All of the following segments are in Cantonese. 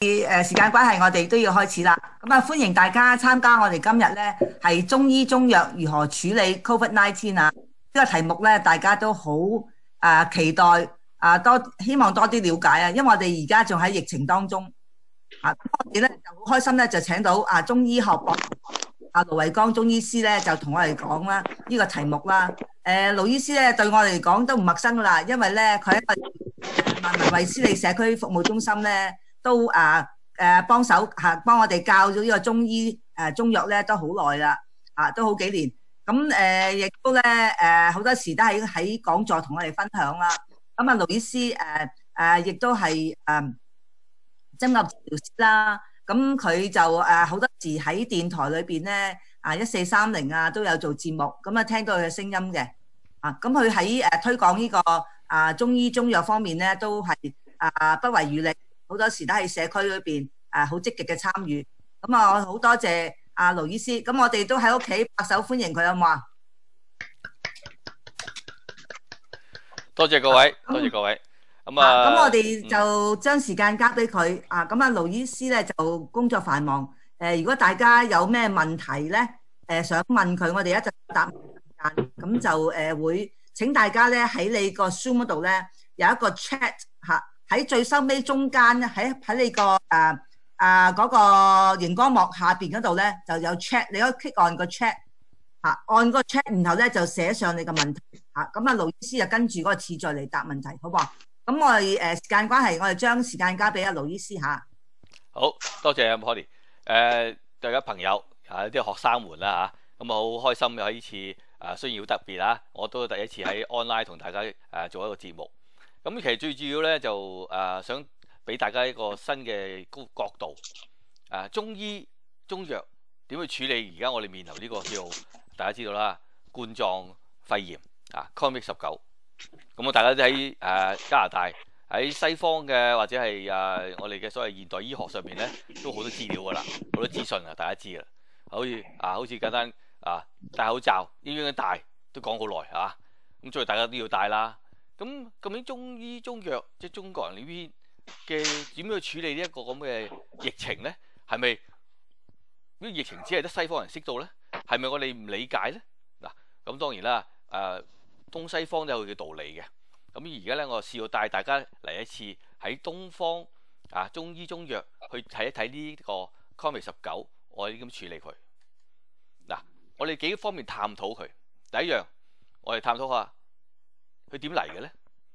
誒，時間關係，我哋都要開始啦。咁啊，歡迎大家參加我哋今日咧係中醫中藥如何處理 Covid nineteen 啊？呢個題目咧，大家都好誒期待啊，多希望多啲了解啊。因為我哋而家仲喺疫情當中啊，咁我哋咧就好開心咧，就請到啊中醫學博士啊勞惠光中醫師咧，就同我哋講啦呢個題目啦。誒，盧醫師咧對我哋嚟講都唔陌生噶啦，因為咧佢喺個萬民衛斯理社區服務中心咧。都啊誒幫手吓，幫我哋教咗呢個中醫誒中藥咧，都好耐啦啊，都好幾年咁誒，亦都咧誒好多時都喺喺講座同我哋分享啦。咁啊，勞醫師誒誒亦都係誒針灸師啦。咁佢就誒好多時喺電台裏邊咧啊，一四三零啊都有做節目，咁啊聽到佢嘅聲音嘅啊。咁佢喺誒推廣呢個啊中醫中藥方面咧，都係啊不遺餘力。好多時都喺社區裏邊，誒，好積極嘅參與，咁啊，好多謝阿勞醫師，咁我哋都喺屋企拍手歡迎佢，有冇啊？多謝各位，啊、多謝各位，咁啊，咁我哋就將時間交俾佢，嗯、啊，咁啊，勞醫師咧就工作繁忙，誒，如果大家有咩問題咧，誒，想問佢，我哋一陣答問時間，咁就誒會，請大家咧喺你個 Zoom 嗰度咧有一個 chat 吓。喺最收尾中間咧，喺喺你個、啊啊那個誒誒嗰個熒光幕下邊嗰度咧，就有 check，你可以 click on check，按個 check 嚇，按個 check，然後咧就寫上你嘅問題嚇，咁啊勞醫師就跟住嗰個次序嚟答問題，好唔好？咁我哋誒時間關係，我哋將時間交俾阿勞醫師嚇。啊、好多謝阿 Polly 誒、呃、大家朋友嚇啲、啊、學生們啦嚇，咁啊好開心嘅，喺呢次誒、啊、雖然好特別啊，我都第一次喺 online 同大家誒、啊、做一個節目。咁其實最主要咧，就誒、呃、想俾大家一個新嘅高角度，誒、啊、中醫中藥點去處理現在、這個，而家我哋面臨呢個叫大家知道啦，冠狀肺炎啊，COVID 十九。咁啊，大家都喺誒加拿大喺西方嘅或者係誒、啊、我哋嘅所謂現代醫學上面咧，都好多資料噶啦，好多資訊啊，大家知噶啦，好似啊，好似啊，好似簡單啊，戴口罩，應該應戴都講好耐嚇，咁所以大家都要戴啦。咁究竟中醫中藥即係中國人呢邊嘅點樣去處理呢一個咁嘅疫情咧？係咪啲疫情只係得西方人識到咧？係咪我哋唔理解咧？嗱咁當然啦，誒、啊、東西方都有佢嘅道理嘅。咁而家咧，我試過帶大家嚟一次喺東方啊，中醫中藥去睇一睇呢個 COVID 十九，19，我哋點樣處理佢嗱？我哋幾個方面探討佢，第一樣，我哋探討下。佢點嚟嘅咧？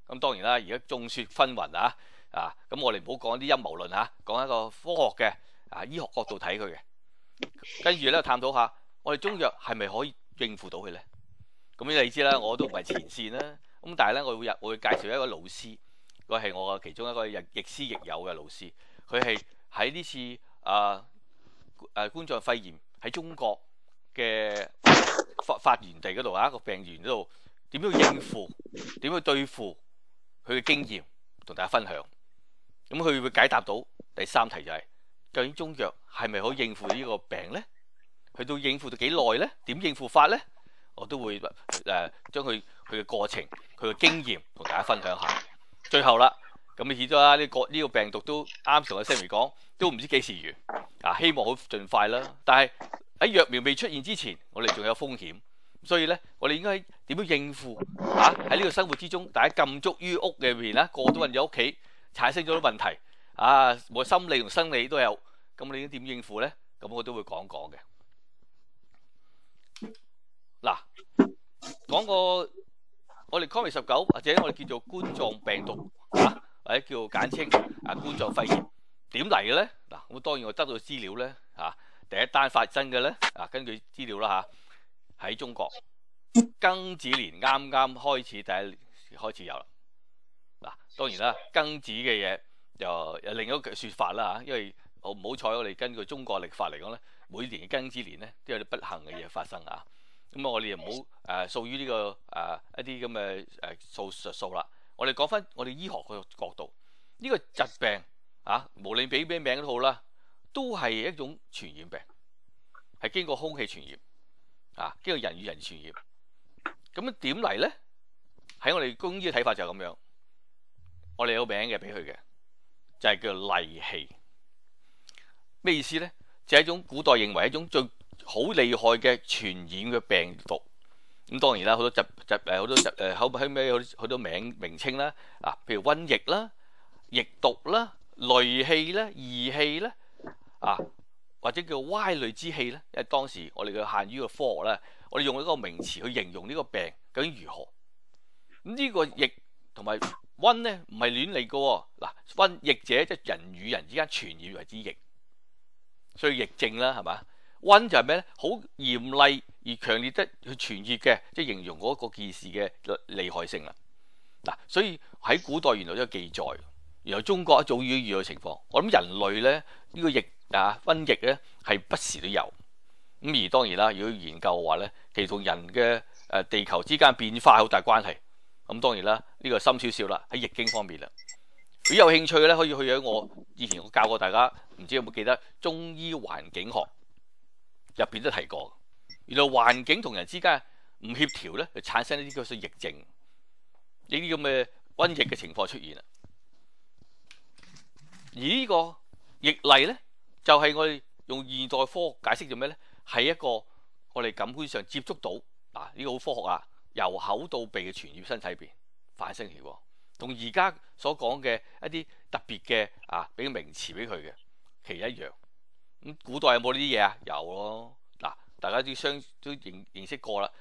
咁當然啦，而家眾說紛紜啊！啊，咁我哋唔好講啲陰謀論嚇，講、啊、一個科學嘅啊醫學角度睇佢嘅，跟住咧探討下，我哋中藥係咪可以應付到佢咧？咁你知啦，我都唔係前線啦。咁但係咧，我會我會介紹一個老師，佢係我嘅其中一個亦亦師亦友嘅老師。佢係喺呢次啊啊冠狀肺炎喺中國嘅發發源地嗰度啊個病源度。點樣應付？點樣去對付？佢嘅經驗同大家分享。咁佢會解答到第三題就係，究竟中藥係咪可以應付呢個病咧？去到應付到幾耐咧？點應付法咧？我都會誒將佢佢嘅過程，佢嘅經驗同大家分享下。最後啦，咁亦都啦，呢個呢個病毒都啱頭嘅，Sammy 講都唔知幾時完。啊，希望好盡快啦。但係喺藥苗未出現之前，我哋仲有風險。所以咧，我哋應該點樣應付啊？喺呢個生活之中，大家禁足於屋入面啦，個個都困咗喺屋企，產生咗啲問題啊！無論心理同生理都有，咁你應該點應付咧？咁我都會講講嘅。嗱，講個我哋 COVID 十九或者我哋叫做冠狀病毒嚇，或者叫簡稱啊冠狀肺炎點嚟嘅咧？嗱，咁當然我得到資料咧嚇，第一單發生嘅咧啊，根據資料啦嚇。喺中國，庚子年啱啱開始第一開始有啦。嗱，當然啦，庚子嘅嘢又，又有另一個說法啦吓，因為我唔好彩，我哋根據中國曆法嚟講咧，每年嘅庚子年咧都有啲不幸嘅嘢發生啊。咁啊、呃這個呃呃，我哋又唔好誒，數於呢個誒一啲咁嘅誒數術數啦。我哋講翻我哋醫學個角度，呢、這個疾病啊，無論俾咩名都好啦，都係一種傳染病，係經過空氣傳染。啊！經過人與人傳染，咁點嚟咧？喺我哋公醫嘅睇法就係咁樣，我哋有個名嘅俾佢嘅，就係、是、叫戾氣。咩意思咧？就係、是、一種古代認為一種最好厲害嘅傳染嘅病毒。咁當然啦，好多疾疾誒，好多疾誒，後尾好好多名名稱啦。啊，譬如瘟疫啦、疫毒啦、戾氣啦、異氣啦，啊。或者叫歪類之氣咧，因為當時我哋嘅限於個科學咧，我哋用一個名詞去形容呢個病究竟如何。咁呢個疫同埋瘟咧，唔係亂嚟嘅。嗱，瘟疫者即係、就是、人與人之間傳染為之疫，所以疫症啦，係嘛？瘟就係咩咧？好嚴厲而強烈的去傳染嘅，即、就、係、是、形容嗰個件事嘅厲害性啦。嗱，所以喺古代原來都有記載，原來中國一早已經遇到情況。我諗人類咧呢、這個疫。啊，瘟疫咧係不時都有的，咁而當然啦，要去研究嘅話咧，其實同人嘅誒、地球之間變化好大關係。咁當然啦，呢個深少少啦，喺易經方面啦，如果有興趣咧，可以去喺我以前我教過大家，唔知有冇記得中醫環境學入邊都提過的，原來環境同人之間唔協調咧，就產生一啲叫做疫症，呢啲咁嘅瘟疫嘅情況出現啦。而呢個疫例咧～就係我哋用現代科學解釋做咩咧？係一個我哋感官上接觸到嗱，呢、啊這個好科學啊！由口到鼻嘅傳染身體邊反生而過，同而家所講嘅一啲特別嘅啊，俾個名詞俾佢嘅其一樣。咁古代有冇呢啲嘢啊？有咯。嗱、啊，大家都相都認認識過啦。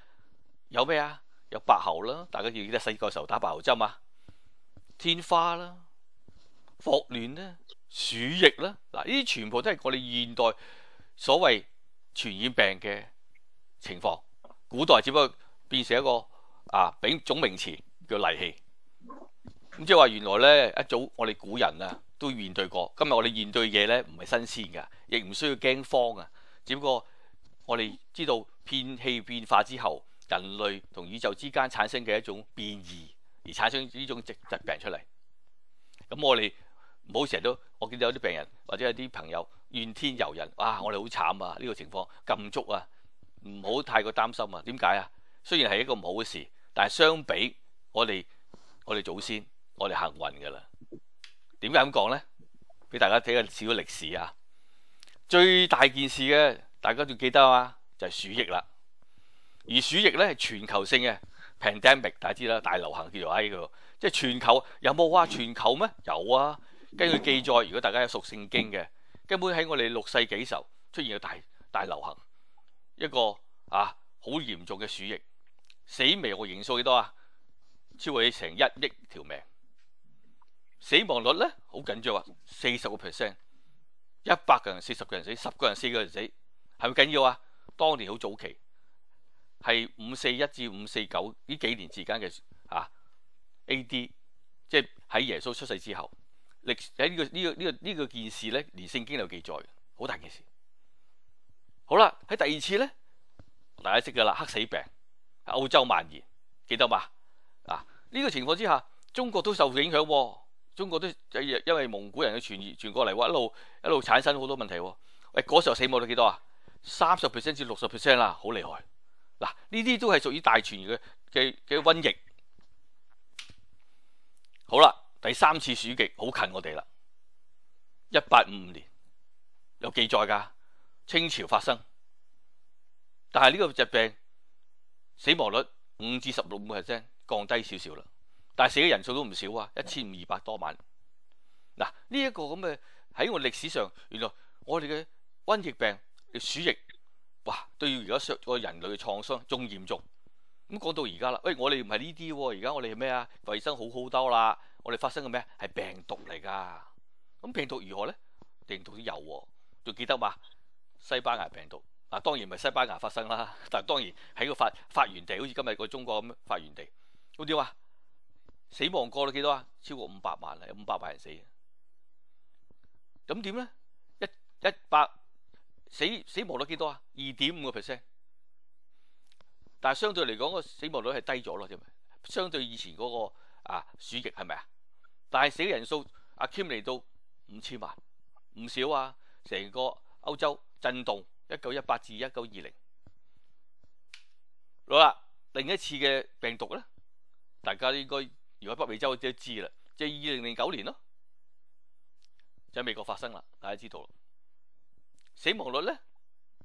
有咩啊？有白喉啦，大家記唔記得細個時候打白喉針啊？天花啦，霍亂咧。鼠疫啦，嗱，呢啲全部都係我哋現代所謂傳染病嘅情況。古代只不過變成一個啊，俾總名詞叫戾氣。咁、嗯、即係話原來咧，一早我哋古人啊都面對過。今日我哋面對嘅嘢咧唔係新鮮㗎，亦唔需要驚慌啊。只不過我哋知道戾氣變化之後，人類同宇宙之間產生嘅一種變異，而產生呢種疾疾病出嚟。咁、嗯、我哋。唔好成日都，我見到有啲病人或者有啲朋友怨天尤人。哇！我哋好慘啊！呢、這個情況禁足啊，唔好太過擔心啊。點解啊？雖然係一個唔好嘅事，但係相比我哋我哋祖先，我哋幸運㗎啦。點解咁講咧？俾大家睇下少少歷史啊。最大件事嘅，大家仲記得啊嘛，就係鼠疫啦。而鼠疫咧係全球性嘅 pandemic，大家知啦，大流行叫做呢、這個，即係全球有冇話全球咩？有啊。根據記載，如果大家有熟聖經嘅，根本喺我哋六世紀時候出現咗大大流行一個啊，好嚴重嘅鼠疫，死微我刑數幾多啊？超過你成一億條命，死亡率咧好緊張啊！四十個 percent，一百個人四十個人死，十個人四個人死，係咪緊要啊？當年好早期係五四一至五四九呢幾年之間嘅啊 A.D.，即係喺耶穌出世之後。歷喺呢個呢、這個呢、這個呢、這個件事咧，連聖經都有記載，好大件事。好啦，喺第二次咧，大家識噶啦，黑死病喺歐洲蔓延，記得嘛？嗱、啊、呢、這個情況之下，中國都受影響，啊，中國都因為蒙古人嘅傳傳過嚟，一路一路產生好多問題，啊。喂，嗰時候死亡率幾多啊？三十 percent 至六十 percent 啦，好厲害。嗱，呢啲都係屬於大傳嘅嘅嘅瘟疫。好啦。第三次鼠疫好近我哋啦，一八五五年有記載㗎，清朝發生，但係呢個疾病死亡率五至十六五 percent 降低少少啦，但係死嘅人數都唔少啊，一千二百多萬。嗱，呢一個咁嘅喺我歷史上，原來我哋嘅瘟疫病、鼠疫哇，對於而家上個人類嘅創傷仲嚴重。咁講到而家啦，喂，我哋唔係呢啲，而家我哋係咩啊？衛生好好多啦。我哋發生嘅咩？係病毒嚟噶。咁病毒如何咧？病毒都有喎、啊。仲記得嘛？西班牙病毒。嗱，當然唔係西班牙發生啦。但係當然喺個發發源地，好似今日個中國咁發源地。咁點啊？死亡過咗幾多啊？超過五百萬啊，五百萬人死。咁點咧？一一百死死亡率幾多啊？二點五個 percent。但係相對嚟講，個死亡率係低咗咯，咪？相對以前嗰、那個啊鼠疫係咪啊？但係死嘅人數，阿 Kim 嚟到五千萬，唔少啊！成個歐洲震動，一九一八至一九二零。好啦，另一次嘅病毒咧，大家應該如果北美洲就知啦，即係二零零九年咯，就喺美國發生啦，大家知道咯。死亡率咧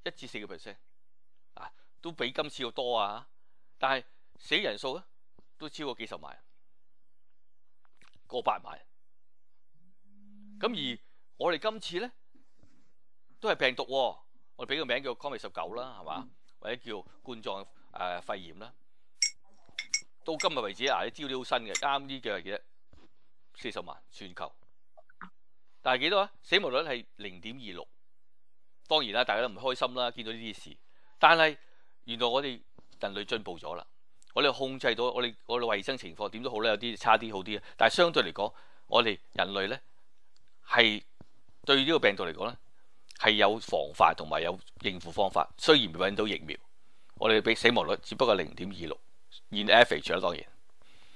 一至四個 percent 啊，都比今次要多啊，但係死嘅人數咧都超過幾十萬。過百萬，咁而我哋今次咧都係病毒、哦，我哋俾個名叫 COVID 19啦，係嘛？或者叫冠狀、呃、肺炎啦。到今日為止，嗱啲資料好新嘅，啱呢幾日幾多嘢？四十萬全球，但係幾多啊？死亡率係零點二六。當然啦，大家都唔開心啦，見到呢啲事。但係原來我哋人類進步咗啦。我哋控制到，我哋我哋衛生情況點都好啦，有啲差啲，好啲。但係相對嚟講，我哋人類咧係對呢個病毒嚟講咧係有防範同埋有應付方法。雖然未揾到疫苗，我哋嘅死亡率只不過零點二六 in average 啦。當然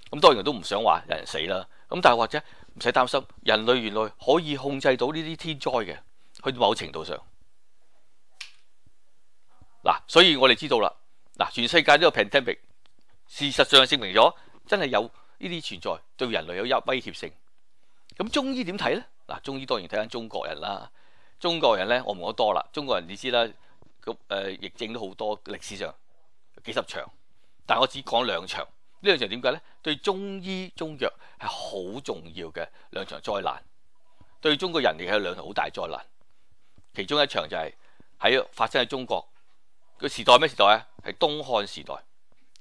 咁，當然都唔想話有人死啦。咁但係或者唔使擔心，人類原來可以控制到呢啲天災嘅，去到某程度上嗱。所以我哋知道啦，嗱，全世界都有 pandemic。事實上證明咗，真係有呢啲存在，對人類有一威脅性。咁中醫點睇呢？嗱，中醫當然睇緊中國人啦。中國人呢，我唔講多啦。中國人你知啦，咁誒疫症都好多，歷史上幾十場，但我只講兩場。呢兩場點解呢？對中醫中藥係好重要嘅兩場災難，對中國人亦係兩場好大災難。其中一場就係、是、喺發生喺中國，個時代咩時代啊？係東漢時代。是東漢時代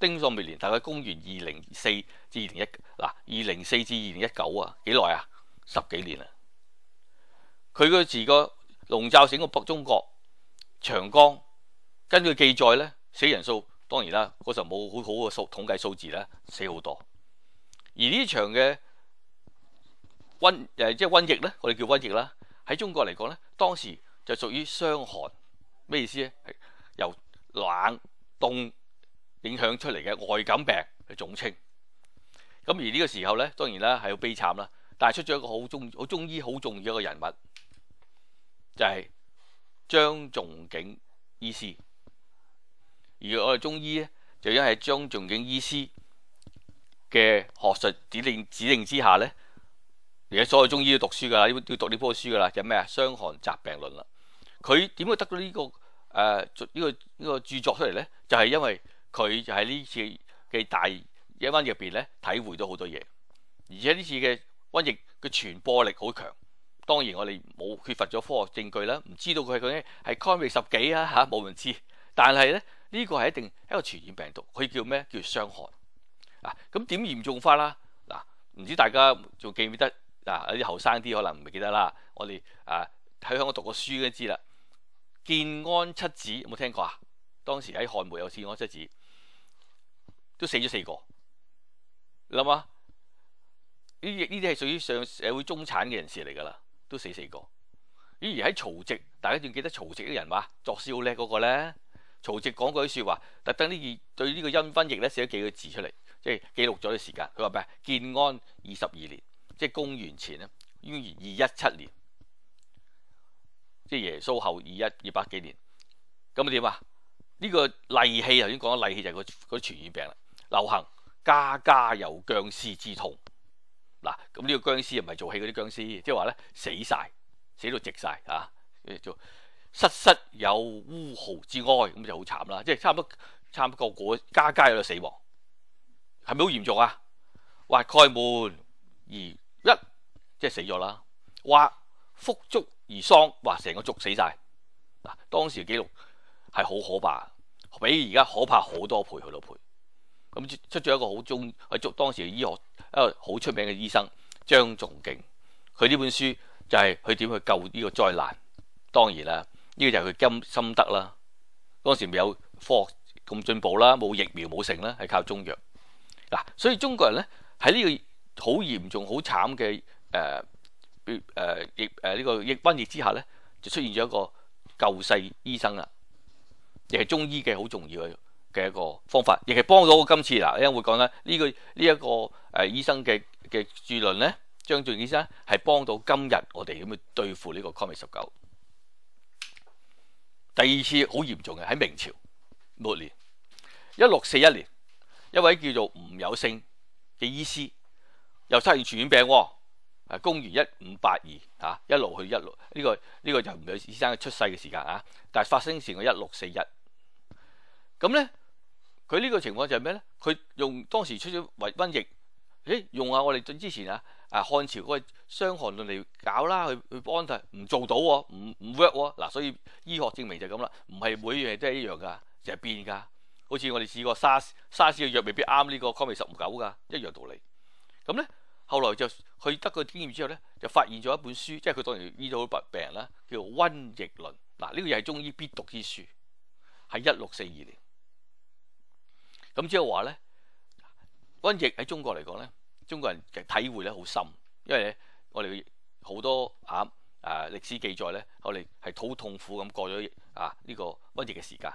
丁朔末年大概公元二零四至二零一，嗱，二零四至二零一九啊，幾耐啊？十幾年啊。佢個字個籠罩整個北中國長江，根據記載咧，死人數當然啦，嗰時候冇好好嘅數統計數字啦，死好多，而呢場嘅瘟誒，即係瘟疫咧，我哋叫瘟疫啦，喺中國嚟講咧，當時就屬於傷寒，咩意思咧係由冷凍。影響出嚟嘅外感病嘅總稱。咁而呢個時候咧，當然啦係好悲慘啦，但係出咗一個好中好中醫好重要嘅一個人物，就係、是、張仲景醫師。而我哋中醫咧就因喺張仲景醫師嘅學術指令指令之下咧，而家所有中醫都讀書㗎，要要讀呢本書㗎啦，就咩、是、啊《傷寒雜病論》啦。佢點會得到呢、這個誒呢、呃這個呢、這個這個著作出嚟咧？就係、是、因為。佢就喺呢次嘅大一瘟疫入邊咧，體會咗好多嘢，而且呢次嘅瘟疫嘅傳播力好強。當然我哋冇缺乏咗科學證據啦，唔知道佢係究竟係康復十幾啊嚇，冇人知。但係咧呢、這個係一定係一個傳染病毒，佢叫咩？叫傷寒啊。咁點嚴重法啦？嗱、啊，唔知大家仲記唔、啊、記得嗱？有啲後生啲可能唔記得啦。我哋啊喺香港讀過書都知啦。建安七子有冇聽過啊？當時喺漢末有建安七子。有都死咗四個，你諗下？呢呢啲係屬於上社會中產嘅人士嚟㗎啦，都死四個。咦？喺曹植，大家仲記得曹植啲人嘛？作詩叻嗰個咧。曹植講句説話，特登呢件對呢個因分譯咧寫咗幾個字出嚟，即係記錄咗啲時間。佢話咩？建安二十二年，即係公元前咧，於二一七年，即係耶穌後二一二百幾年。咁點啊？呢、這個戾氣頭先講咗，戾氣就係個個傳染病啦。流行家家有僵屍之痛嗱，咁、這、呢個僵屍又唔係做戲嗰啲僵屍，即係話咧，「死晒」，「死到直晒」，啊！失失有烏嚎之哀，咁就好慘啦，即係差唔多差唔多個家家有死亡，係咪好嚴重啊？或蓋門一而一即係死咗啦，或覆足而喪，或成個族死晒。嗱。當時嘅記錄係好可怕，比而家可怕好多倍好多倍。咁出咗一個好中，佢捉當時嘅醫學一個好出名嘅醫生張仲景。佢呢本書就係佢點去救呢個災難。當然啦，呢、這個就係佢今心得啦。當時未有科學咁進步啦，冇疫苗冇成啦，係靠中藥。嗱，所以中國人咧喺呢在這個好嚴重、好慘嘅誒誒疫誒呢個疫瘟疫之下咧，就出現咗一個救世醫生啦，亦係中醫嘅好重要嘅。嘅一個方法，亦係幫到今次嗱，啱啱會講咧呢個呢一、這個誒、呃、醫生嘅嘅注論咧，張仲景醫生係幫到今日我哋咁去對付呢個 COVID 十九。第二次好嚴重嘅喺明朝末年，一六四一年，一位叫做吳有聲嘅醫師又出現傳染病喎，公元一五八二嚇一路去一路呢、這個呢、這個就吳有聲醫生嘅出世嘅時間啊，但係發生事喺一六四一，咁咧。佢呢個情況就係咩咧？佢用當時出咗疫瘟疫，誒用下我哋之前啊啊漢朝嗰個傷寒論嚟搞啦，去去安唔做到喎，唔唔 work 喎嗱，所以醫學證明就係咁啦，唔係每樣嘢都係一樣噶，成日變噶，好似我哋試過沙沙士嘅藥未必啱呢個 COVID 19噶，一樣道理。咁咧後來就去得個經驗之後咧，就發現咗一本書，即係佢當年醫到病病人啦，叫《瘟疫論》嗱、啊，呢個又係中醫必讀之書，喺一六四二年。咁即係話咧，瘟疫喺中國嚟講咧，中國人嘅體會咧好深，因為咧我哋好多啊誒歷、啊、史記載咧，我哋係好痛苦咁過咗啊呢、這個瘟疫嘅時間。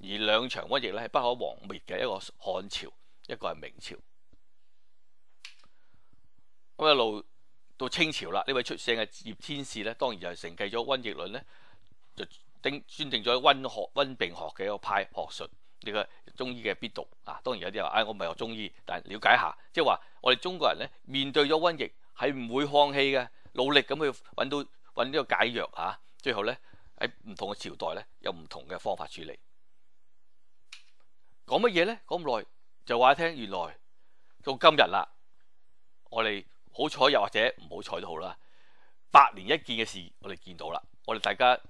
而兩場瘟疫咧係不可磨滅嘅，一個漢朝，一個係明朝。咁一路到清朝啦，呢位出聲嘅葉天士咧，當然就係承繼咗瘟疫論咧，就定專定咗溫學、溫病學嘅一個派學術。你個中醫嘅必讀啊，當然有啲話，唉、哎，我唔係學中醫，但係了解下，即係話我哋中國人咧面對咗瘟疫係唔會放棄嘅，努力咁去揾到揾呢個解藥嚇、啊。最後咧喺唔同嘅朝代咧有唔同嘅方法處理。講乜嘢咧？講唔耐就話一聽，原來到今日啦，我哋好彩又或者唔好彩都好啦，百年一見嘅事我哋見到啦，我哋大家。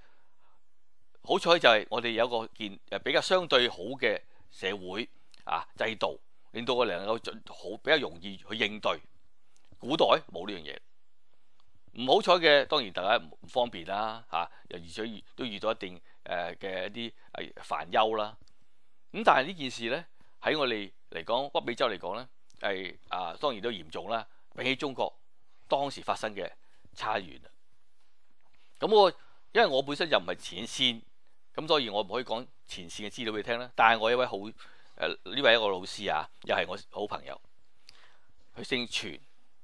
好彩就係我哋有一個件誒比較相對好嘅社會啊制度，令到我哋能夠好比較容易去應對。古代冇呢樣嘢，唔好彩嘅當然大家唔方便啦嚇，又而且都遇到一定誒嘅、呃、一啲係、啊、煩憂啦。咁但係呢件事咧喺我哋嚟講，北美洲嚟講咧係啊當然都嚴重啦，比起中國當時發生嘅差遠啦。咁我因為我本身又唔係前線。咁所以我唔可以講前線嘅資料俾你聽啦。但係我有位好誒呢、呃、位一個老師啊，又係我好朋友，佢姓全，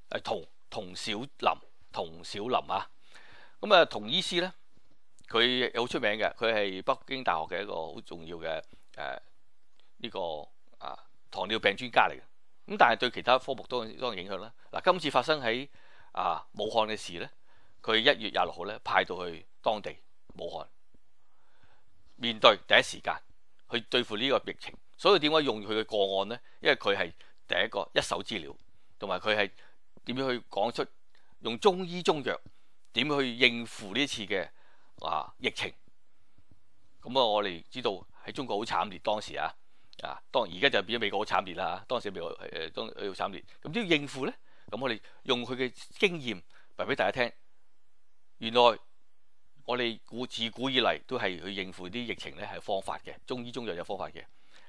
係佟佟小林，佟小林啊。咁啊，佟醫師咧，佢好出名嘅，佢係北京大學嘅一個好重要嘅誒呢個啊糖尿病專家嚟嘅。咁但係對其他科目都有影響啦。嗱、啊，今次發生喺啊武漢嘅事咧，佢一月廿六號咧派到去當地武漢。面對第一時間去對付呢個疫情，所以點解用佢嘅個案咧？因為佢係第一個一手資料，同埋佢係點樣去講出用中醫中藥點去應付呢一次嘅啊疫情。咁、嗯、啊，我哋知道喺中國好慘烈當時啊，啊當而家就變咗美國好慘烈啦。當時美國誒當好慘烈，咁點應付咧？咁、嗯、我哋用佢嘅經驗話俾大家聽，原來。我哋古自古以嚟都係去應付啲疫情咧，係方法嘅，中醫中藥有方法嘅。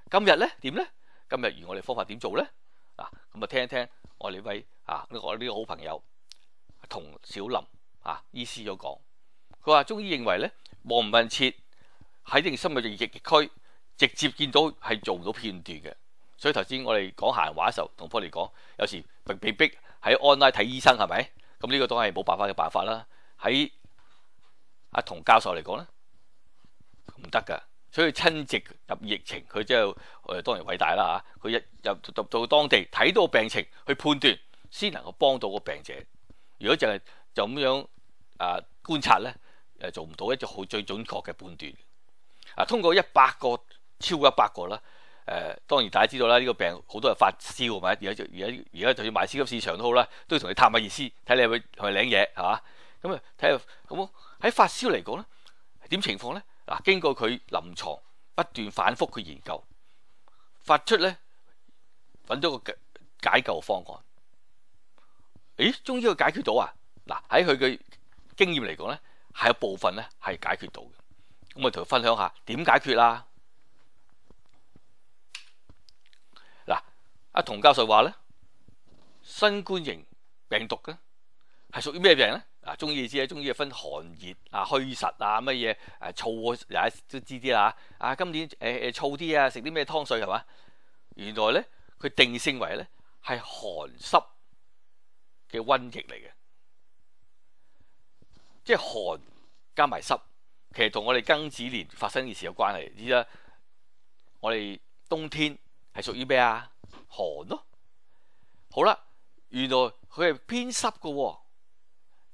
今日咧點咧？今日如我哋方法點做咧？啊咁啊，就聽一聽我哋呢位啊呢個呢個好朋友同小林啊醫師所講，佢話中醫認為咧望聞問切喺深嘅疫疫區直接見到係做唔到片段嘅，所以頭先我哋講閒話嘅時候同科尼講，有時被被逼喺 online 睇醫生係咪？咁呢個都係冇辦法嘅辦法啦。喺阿同教授嚟講咧，唔得㗎，所以親直入疫情，佢之後誒當然偉大啦嚇，佢一入入到當地睇到病情，去判斷先能夠幫到個病者。如果就係就咁樣啊觀察咧，誒做唔到一隻好最準確嘅判斷。啊，通過一百個超過一百個啦，誒、呃、當然大家知道啦，呢、這個病好多係發燒，係咪？而家而家而家就要賣市級市場都好啦，都要同你探下意思，睇你係咪係咪領嘢係嘛？是咁啊，睇下咁喺發燒嚟講咧，點情況咧？嗱，經過佢臨床，不斷反覆去研究，發出咧揾咗個解解救方案。咦，終於解決到啊？嗱，喺佢嘅經驗嚟講咧，係有部分咧係解決到嘅。咁我同佢分享下點解決啦？嗱，阿童教授話咧，新冠型病毒嘅，係屬於咩病咧？啊，中醫知啊，中醫啊分寒熱啊、虛實啊、乜嘢啊燥，又都知啲啦、啊。啊，今年誒誒燥啲啊，食啲咩湯水係嘛？原來咧，佢定性為咧係寒濕嘅瘟疫嚟嘅，即係寒加埋濕，其實同我哋庚子年發生嘅事有關係。而家我哋冬天係屬於咩啊？寒咯。好啦，原來佢係偏濕嘅喎、啊。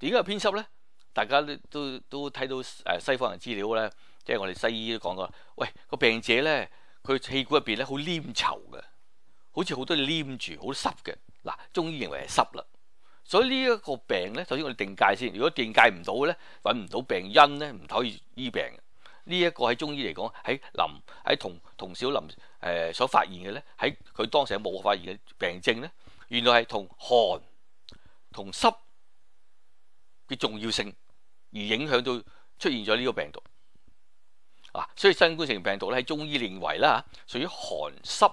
點解係偏濕咧？大家都都都睇到誒西方人資料咧，即係我哋西醫都講過，喂個病者咧，佢氣管入邊咧好黏稠嘅，好似好多黏住，好濕嘅。嗱，中醫認為係濕啦。所以呢一個病咧，首先我哋定界先。如果定界唔到咧，揾唔到病因咧，唔可以醫病嘅。呢、這、一個喺中醫嚟講，喺林喺同同小林誒、呃、所發現嘅咧，喺佢當時冇發現嘅病症咧，原來係同寒同濕。嘅重要性而影響到出現咗呢個病毒啊，所以新冠性病毒咧喺中醫認為啦，屬於寒濕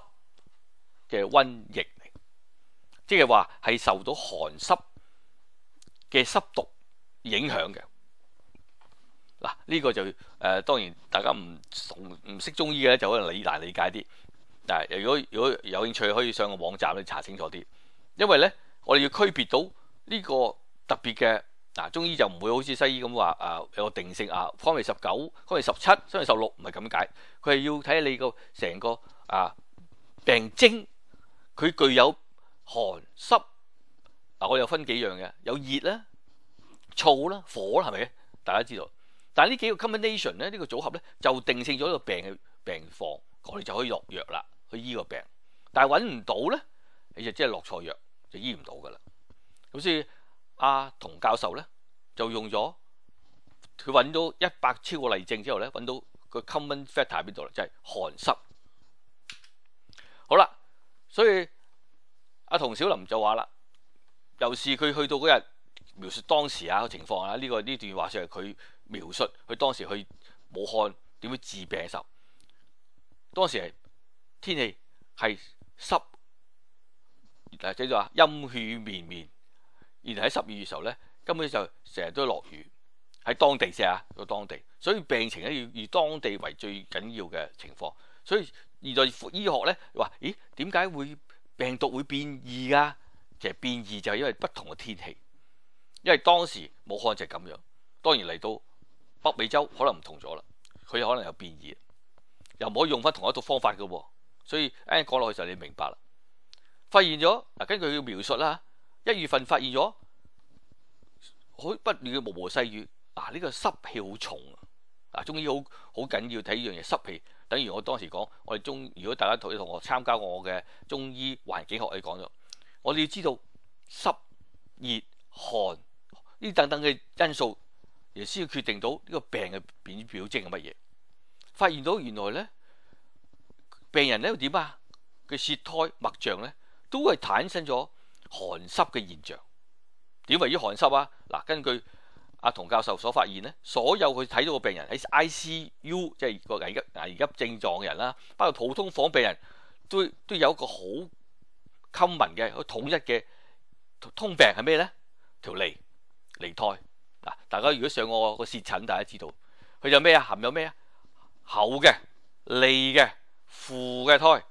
嘅瘟疫嚟，即係話係受到寒濕嘅濕毒影響嘅。嗱。呢個就誒、呃、當然大家唔唔識中醫嘅就可能難理解理解啲嗱。如果如果有興趣，可以上個網站去查清楚啲，因為咧我哋要區別到呢個特別嘅。嗱，中醫就唔會好似西醫咁話，誒、呃、有個定性啊，方為十九、方為十七、方為十六唔係咁解，佢係要睇下你個成個啊病徵，佢具有寒濕嗱、啊，我有分幾樣嘅，有熱啦、啊、燥啦、啊、火啦、啊，係咪？大家知道，但係呢幾個 combination 咧，呢個組合咧就定性咗個病嘅病房，我哋就可以落藥啦去醫個病。但係揾唔到咧，你就即係落錯藥，就醫唔到㗎啦。好似～阿、啊、童教授咧就用咗佢揾到一百超過例證之後咧，揾到個 common factor 喺邊度咧？就係、是、寒濕。好啦，所以阿、啊、童小林就話啦，又是佢去到嗰日描述當時啊個情況啦。呢個呢段話說係佢描述佢當時去武漢點樣治病嘅時候，當時係天氣係濕，嗱即係話陰雨綿綿。然後喺十二月嘅時候咧，根本就成日都落雨喺當地先，啊，到當地，所以病情咧要以當地為最緊要嘅情況。所以現在醫學咧話：咦，點解會病毒會變異㗎？其實變異就係因為不同嘅天氣，因為當時武漢就係咁樣，當然嚟到北美洲可能唔同咗啦，佢可能有變異，又唔可以用翻同一套方法嘅喎。所以講落去時候你明白啦，發現咗嗱，根據佢描述啦。一月份發現咗，好不斷嘅毛毛細雨。嗱、啊，呢、這個濕氣好重啊！啊，中醫好好緊要睇呢樣嘢，濕氣。等於我當時講，我哋中，如果大家同啲同學參加我嘅中醫環境學，你講咗，我哋要知道濕、熱、寒呢等等嘅因素，先要決定到呢個病嘅表徵係乜嘢。發現到原來咧，病人咧點啊？佢舌苔、脈象咧，都係產生咗。寒濕嘅現象點為於寒濕啊？嗱，根據阿童教授所發現咧，所有佢睇到嘅病人喺 I C U，即係個危急危急症狀嘅人啦，包括普通房病人，都都有一個好襟民嘅、好統一嘅通病係咩咧？條脷脷苔嗱，大家如果上過個舌診，大家知道佢有咩啊？含有咩啊？厚嘅脷嘅腐嘅苔。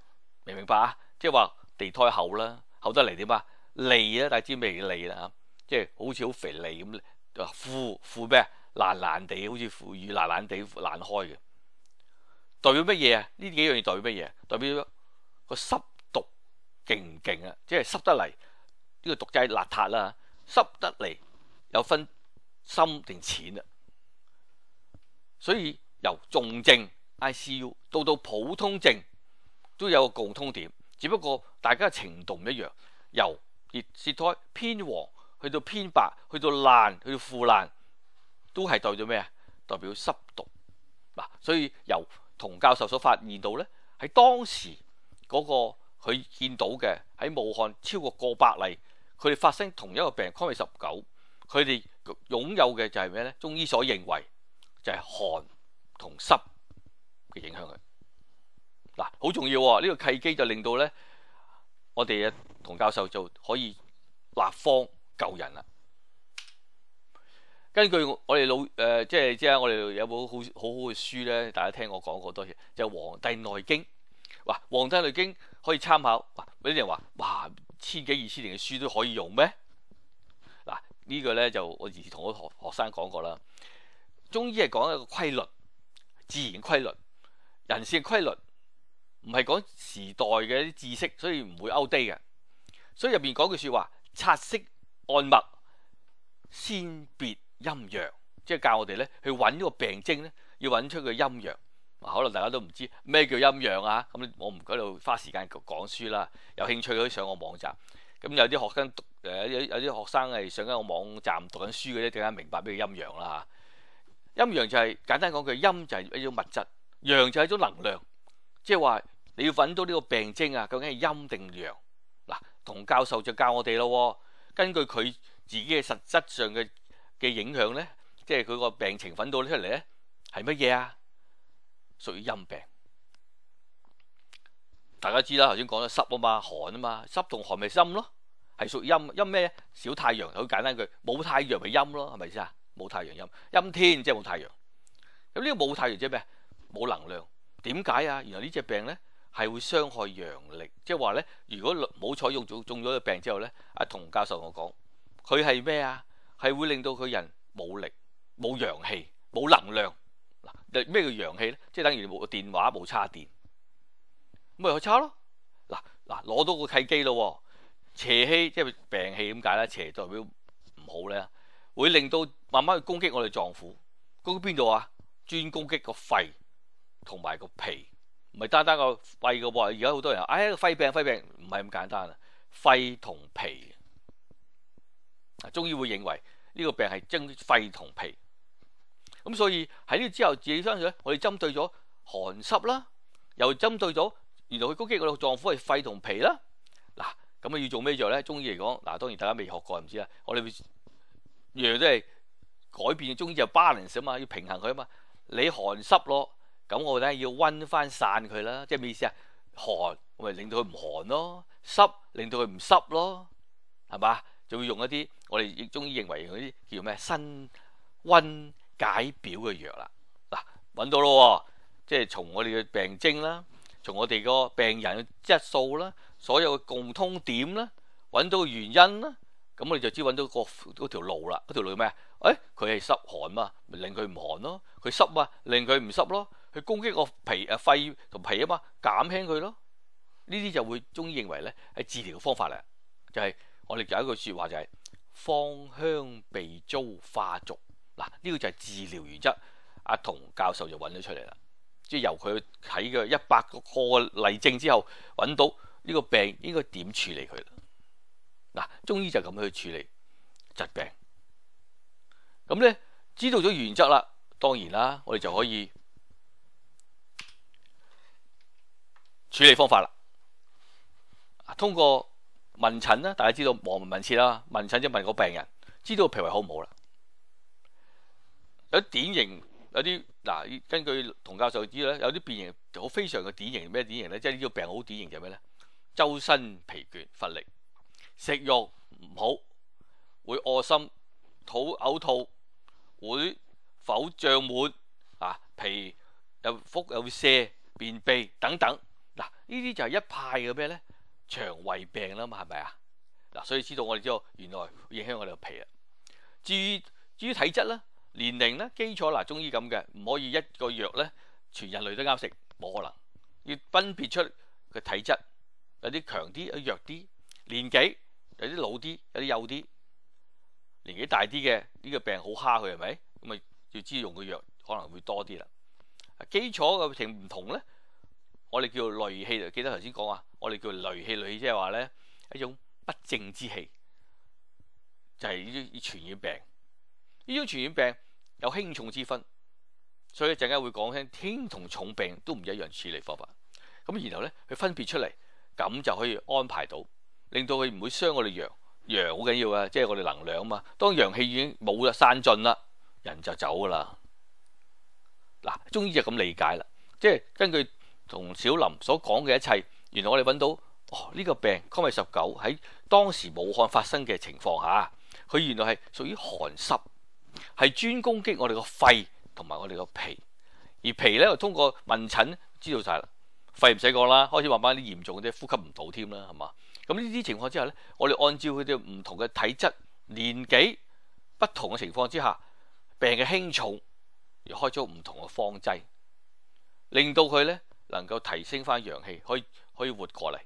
明唔明白啊？即係話地苔厚啦，厚得嚟點啊？脷啊，大家知咩叫脷啦嚇，即係好似好肥脷咁，腐腐咩爛爛地，好似腐乳爛爛地爛開嘅，代表乜嘢啊？呢幾樣嘢代表乜嘢？代表個濕毒勁唔勁啊？即係濕得嚟呢、這個毒劑邋遢啦，濕得嚟又分深定淺啦，所以由重症 I C U 到到普通症都有個共通點，S 只不過大家嘅程度唔一樣，由舌苔偏黃，去到偏白，去到爛，去到腐爛，都係代表咩啊？代表濕毒嗱。所以由童教授所發現到咧，喺當時嗰個佢見到嘅喺武漢超過過百例，佢哋發生同一個病，COVID 十九，佢哋擁有嘅就係咩咧？中醫所認為就係寒同濕嘅影響佢嗱，好重要喎。呢、呢個契機就令到咧。我哋啊，同教授就可以立方救人啦。根據我哋老誒、呃，即係即係我哋有冇好好好嘅書咧，大家聽我講過，多次，就係《黃帝內經》。哇，《黃帝內經》可以參考。哇，有啲人話：哇，千幾二千年嘅書都可以用咩？嗱、啊，這個、呢個咧就我以前同我學生講過啦。中醫係講一個規律，自然規律、人性規律。唔係講時代嘅一啲知識，所以唔會 old 嘅。所以入邊講句説話：察色按脈，先別陰陽，即係教我哋咧去揾呢個病徵咧，要揾出佢陰陽。可能大家都唔知咩叫陰陽啊。咁我唔喺度花時間講書啦。有興趣可以上我的網站。咁有啲學生讀，有啲學生係上緊我網站讀緊書嘅，啲，更加明白咩叫陰陽啦。陰陽就係、是、簡單講句，陰就係一種物質，陽就係一種能量，即係話。你要揾到呢個病徵啊，究竟係陰定陽嗱？同教授就教我哋咯。根據佢自己嘅實質上嘅嘅影響咧，即係佢個病情揾到出嚟咧，係乜嘢啊？屬於陰病，大家知啦。頭先講咗濕啊嘛，寒啊嘛，嘛，濕同寒咪陰咯，係屬於陰陰咩？小太陽好簡單句，冇太陽咪陰咯，係咪先啊？冇太陽陰陰天即係冇太陽。咁、這、呢個冇太陽即係咩啊？冇能量點解啊？原來呢隻病咧。係會傷害陽力，即係話咧，如果冇採用咗中咗個病之後咧，阿童教授我講，佢係咩啊？係會令到佢人冇力、冇陽氣、冇能量。嗱，咩叫陽氣咧？即係等於冇電話冇叉電，咪去叉咯。嗱嗱，攞到個契機咯，哦，邪氣即係病氣點解咧？邪代表唔好咧，會令到慢慢去攻擊我哋臟腑，攻擊邊度啊？專攻擊個肺同埋個脾。唔係單單個肺嘅喎，而家好多人，哎，肺病肺病唔係咁簡單啊，肺同脾啊，中醫會認為呢、這個病係蒸肺同脾，咁所以喺呢之後自己相信，我哋針對咗寒濕啦，又針對咗原來佢攻擊我哋嘅臟腑係肺同脾啦，嗱，咁啊要做咩做咧？中醫嚟講，嗱，當然大家未學過唔知啦，我哋會樣樣都係改變，中醫就 balance 啊嘛，要平衡佢啊嘛，你寒濕咯。咁我咧要温翻散佢啦，即係咩意思啊？寒我咪令到佢唔寒咯，濕令到佢唔濕咯，係嘛？就用一啲我哋亦中醫認為嗰啲叫咩？辛温解表嘅藥啦。嗱、啊，揾到咯，即係從我哋嘅病徵啦，從我哋個病人嘅質素啦，所有嘅共通點啦，揾到原因啦，咁我哋就知揾到個嗰條路啦。嗰條路咩啊？誒、哎，佢係濕寒嘛，令佢唔寒咯，佢濕嘛，令佢唔濕咯。去攻擊個脾啊，肺同脾啊嘛，減輕佢咯。呢啲就會中醫認為咧係治療嘅方法嚟。就係、是、我哋有一句說話就係芳香避遭化濁嗱，呢、這個就係治療原則。阿童教授就揾咗出嚟啦，即係由佢睇個一百個例證之後揾到呢個病應該點處理佢嗱。中醫就咁去處理疾病咁咧，知道咗原則啦，當然啦，我哋就可以。處理方法啦，通過問診啦。大家知道望聞問切啦，問診即係問個病人，知道脾胃好唔好啦。有啲典型，有啲嗱、啊，根據童教授知咧，有啲變型好非常嘅典型，咩典型咧？即係呢個病好典型就係咩咧？周身疲倦、乏力、食慾唔好，會惡心、肚嘔吐，會否脹滿啊？脾又腹又會瀉、便秘等等。嗱，呢啲就係一派嘅咩咧？腸胃病啦嘛，係咪啊？嗱，所以知道我哋知道，原來影響我哋個脾啦。至於至於體質啦、年齡呢，基礎嗱，中醫咁嘅，唔可以一個藥咧，全人類都啱食，冇可能。要分別出佢體質，有啲強啲，有啲弱啲；年紀有啲老啲，有啲幼啲。年紀大啲嘅呢個病好蝦佢係咪？咁咪要知道用嘅藥可能會多啲啦。基礎嘅情唔同咧。我哋叫戾氣，記得頭先講啊，我哋叫戾氣戾氣，即係話咧一種不正之氣，就係呢啲傳染病。呢種傳染病有輕重之分，所以陣間會講輕輕同重病都唔一樣處理方法。咁然後咧佢分別出嚟，咁就可以安排到，令到佢唔會傷我哋陽，陽好緊要啊，即係我哋能量啊嘛。當陽氣已經冇咗散盡啦，人就走啦。嗱，中醫就咁理解啦，即係根據。同小林所講嘅一切，原來我哋揾到哦，呢個病 COVID 十九喺當時武漢發生嘅情況下，佢原來係屬於寒濕，係專攻擊我哋個肺同埋我哋個脾。而脾咧，通過問診知道晒啦，肺唔使講啦，開始慢慢啲嚴重啲，呼吸唔到添啦，係嘛？咁呢啲情況之下咧，我哋按照佢哋唔同嘅體質、年紀不同嘅情況之下，病嘅輕重而開咗唔同嘅方劑，令到佢咧。能夠提升翻陽氣，可以可以活過嚟。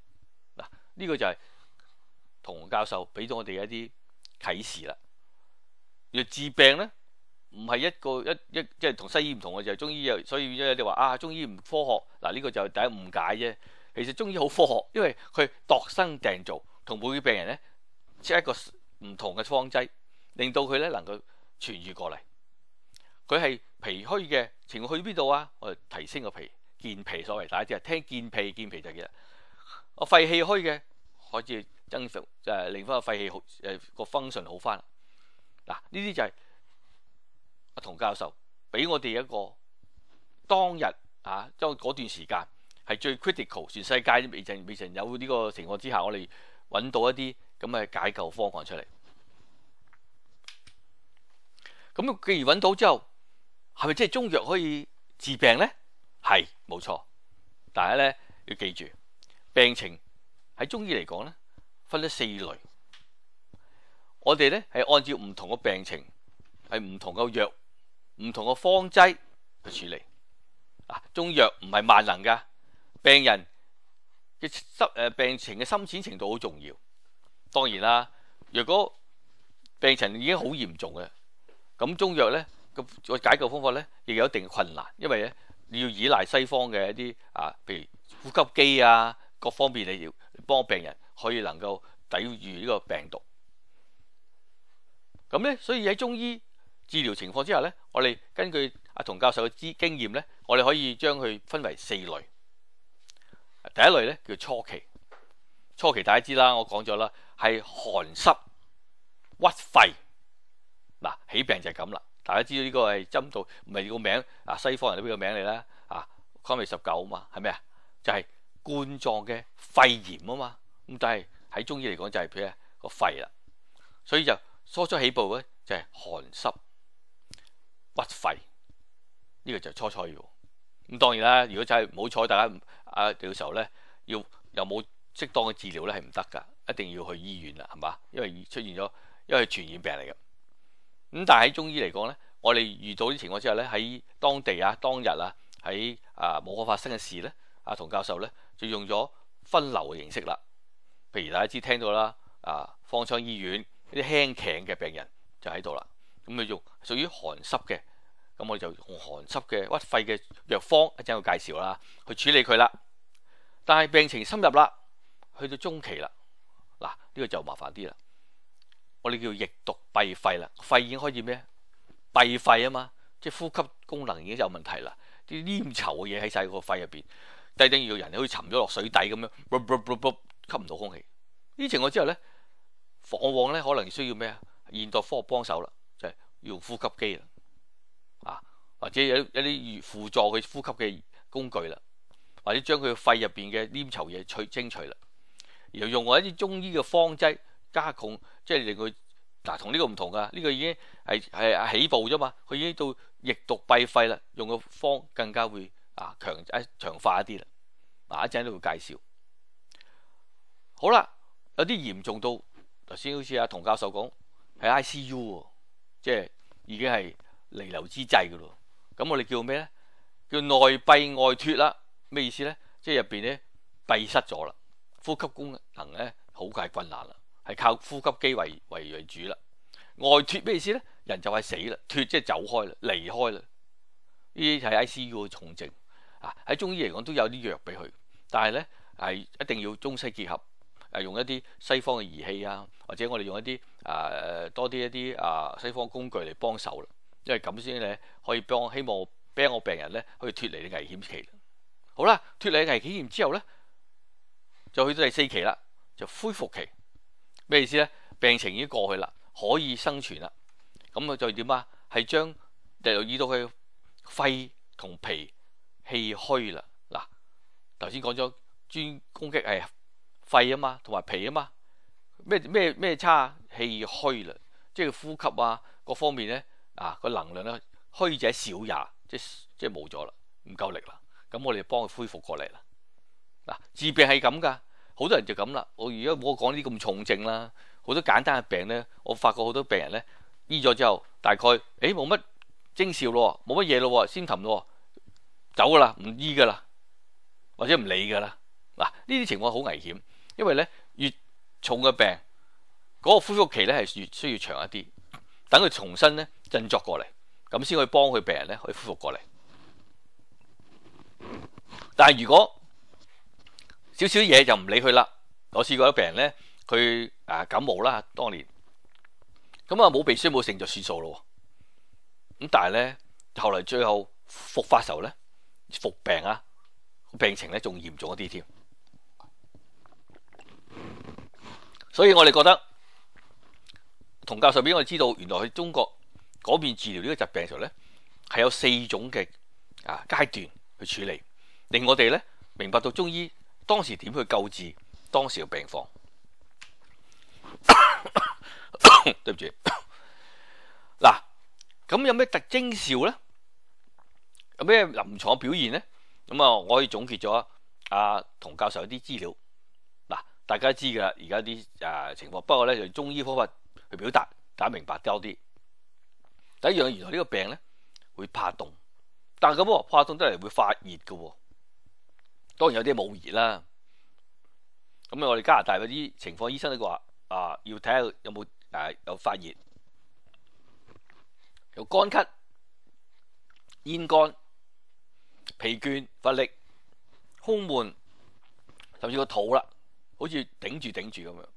嗱，呢個就係同教授俾咗我哋一啲啟示啦。要治病咧，唔係一個一一即係同西醫唔同嘅就係中醫，又所以有啲話啊，中醫唔科學。嗱，呢個就係第一誤解啫。其實中醫好科學，因為佢度身訂造，同每個病人咧設一個唔同嘅方劑，令到佢咧能夠痊愈過嚟。佢係脾虛嘅，情去邊度啊？我哋提升個脾。健脾所謂，大家知係，聽健脾，健脾就係乜嘢？我肺氣虛嘅可以增復，就係令翻個肺氣好，誒個 function 好翻。嗱，呢啲就係阿佟教授俾我哋一個當日啊，即係嗰段時間係最 critical，全世界都未曾，未曾有呢個情況之下，我哋揾到一啲咁嘅解救方案出嚟。咁既然揾到之後，係咪即係中藥可以治病咧？係，冇錯，但係咧要記住病情喺中醫嚟講咧分咗四類，我哋咧係按照唔同嘅病情係唔同嘅藥唔同嘅方劑去處理啊。中藥唔係萬能噶，病人嘅深誒病情嘅深淺程度好重要。當然啦，若果病情已經好嚴重嘅，咁中藥咧個個解救方法咧亦有一定困難，因為咧。你要依賴西方嘅一啲啊，譬如呼吸機啊，各方面你要幫病人可以能夠抵禦呢個病毒。咁咧，所以喺中醫治療情況之下咧，我哋根據阿馮教授嘅知經驗咧，我哋可以將佢分為四類。第一類咧叫初期，初期大家知啦，我講咗啦，係寒濕鬱肺，嗱起病就係咁啦。大家知道呢個係針度，唔係個名啊？西方人都畀個名嚟啦。啊，COVID 十九啊嘛，係咩？啊？就係、是、冠狀嘅肺炎啊嘛，咁但係喺中醫嚟講就係譬如個肺啦，所以就初初起步咧就係寒濕鬱肺，呢、呢個就係初初要。咁當然啦，如果真係唔好彩，大家啊有時候咧要又冇適當嘅治療咧係唔得噶，一定要去醫院啦，係嘛？因為出現咗，因為係傳染病嚟嘅。咁但係喺中醫嚟講咧，我哋遇到啲情況之後咧，喺當地啊、當日在啊、喺啊冇可發生嘅事咧，阿、啊、童教授咧就用咗分流嘅形式啦。譬如大家知聽到啦，啊方艙醫院啲輕頸嘅病人就喺度啦，咁佢用屬於寒濕嘅，咁我哋就用寒濕嘅鬱肺嘅藥方，一陣去介紹啦，去處理佢啦。但係病情深入啦，去到中期啦，嗱、啊、呢、這個就麻煩啲啦。我哋叫疫毒閉肺啦，肺已經開始咩？閉肺啊嘛，即係呼吸功能已經有問題啦。啲黏稠嘅嘢喺晒個肺入邊，低等要人好似沉咗落水底咁樣，吸唔到空氣。呢情況之後咧，往往咧可能需要咩啊？現代科學幫手啦，就係要用呼吸機啦，啊或者有有啲輔助佢呼吸嘅工具啦，或者將佢肺入邊嘅黏稠嘢去清除啦，然後用我一啲中醫嘅方劑。加控，即係令佢嗱、啊，同呢個唔同㗎。呢、這個已經係起步啫嘛，佢已經到疫毒閉肺啦。用個方更加會啊強化一啲啦。嗱、啊，一陣都會介紹好啦。有啲嚴重到頭先，好似阿唐教授講係 I C U 喎、啊，即係已經係彌留之際㗎咯。咁我哋叫咩咧？叫內閉外脱啦。咩意思咧？即係入面咧閉塞咗啦，呼吸功能咧好大困難啦。係靠呼吸機為為為主啦。外脱咩意思咧？人就係死啦，脱即係走開啦，離開啦。呢啲係 I C U 嘅重症啊。喺中醫嚟講都有啲藥俾佢，但係咧係一定要中西結合，係、啊、用一啲西方嘅儀器啊，或者我哋用一啲啊誒多啲一啲啊西方工具嚟幫手啦，因為咁先咧可以幫希望幫我病人咧可以脱離啲危險期了。好啦，脱離危險期之後咧就去到第四期啦，就恢復期。咩意思咧？病情已經過去啦，可以生存啦。咁啊，再點啊？係將又遇到佢肺同脾氣虛啦。嗱，頭先講咗專攻擊係肺啊嘛，同埋脾啊嘛。咩咩咩差？氣虛啦，即係呼吸啊各方面咧啊個能量咧虛者少也，即係即係冇咗啦，唔夠力啦。咁我哋幫佢恢復過嚟啦。嗱，治病係咁㗎。好多人就咁啦，如果我而家冇講呢啲咁重症啦，好多簡單嘅病咧，我發覺好多病人咧醫咗之後，大概誒冇乜徵兆咯，冇乜嘢咯，先停咯，走啦，唔醫噶啦，或者唔理噶啦。嗱，呢啲情況好危險，因為咧越重嘅病，嗰個恢復期咧係越需要長一啲，等佢重新咧振作過嚟，咁先可以幫佢病人咧可以恢復過嚟。但係如果少少嘢就唔理佢啦。我試過有病人咧，佢啊感冒啦，當年咁啊冇鼻酸冇性就算數咯。咁但係咧，後嚟最後復發時候咧，復病啊，病情咧仲嚴重一啲添。所以我哋覺得同教授畀我知道原來喺中國嗰邊治療呢個疾病時候咧，係有四種嘅啊階段去處理，令我哋咧明白到中醫。當時點去救治當時嘅病房？ 對唔住，嗱，咁 有咩特徵兆咧？有咩臨床表現咧？咁啊，我可以總結咗阿童教授一啲資料。嗱，大家知噶啦，而家啲誒情況，不過咧用中醫方法去表達，大家明白多啲。第一樣原來呢個病咧會怕凍，但係咁怕凍真係會發熱嘅喎。當然有啲冇熱啦，咁啊我哋加拿大嗰啲情況，醫生都話啊，要睇下有冇誒有、啊、有發熱，有乾咳、咽乾、疲倦、乏力、胸悶，甚至個肚啦，好似頂住頂住咁樣，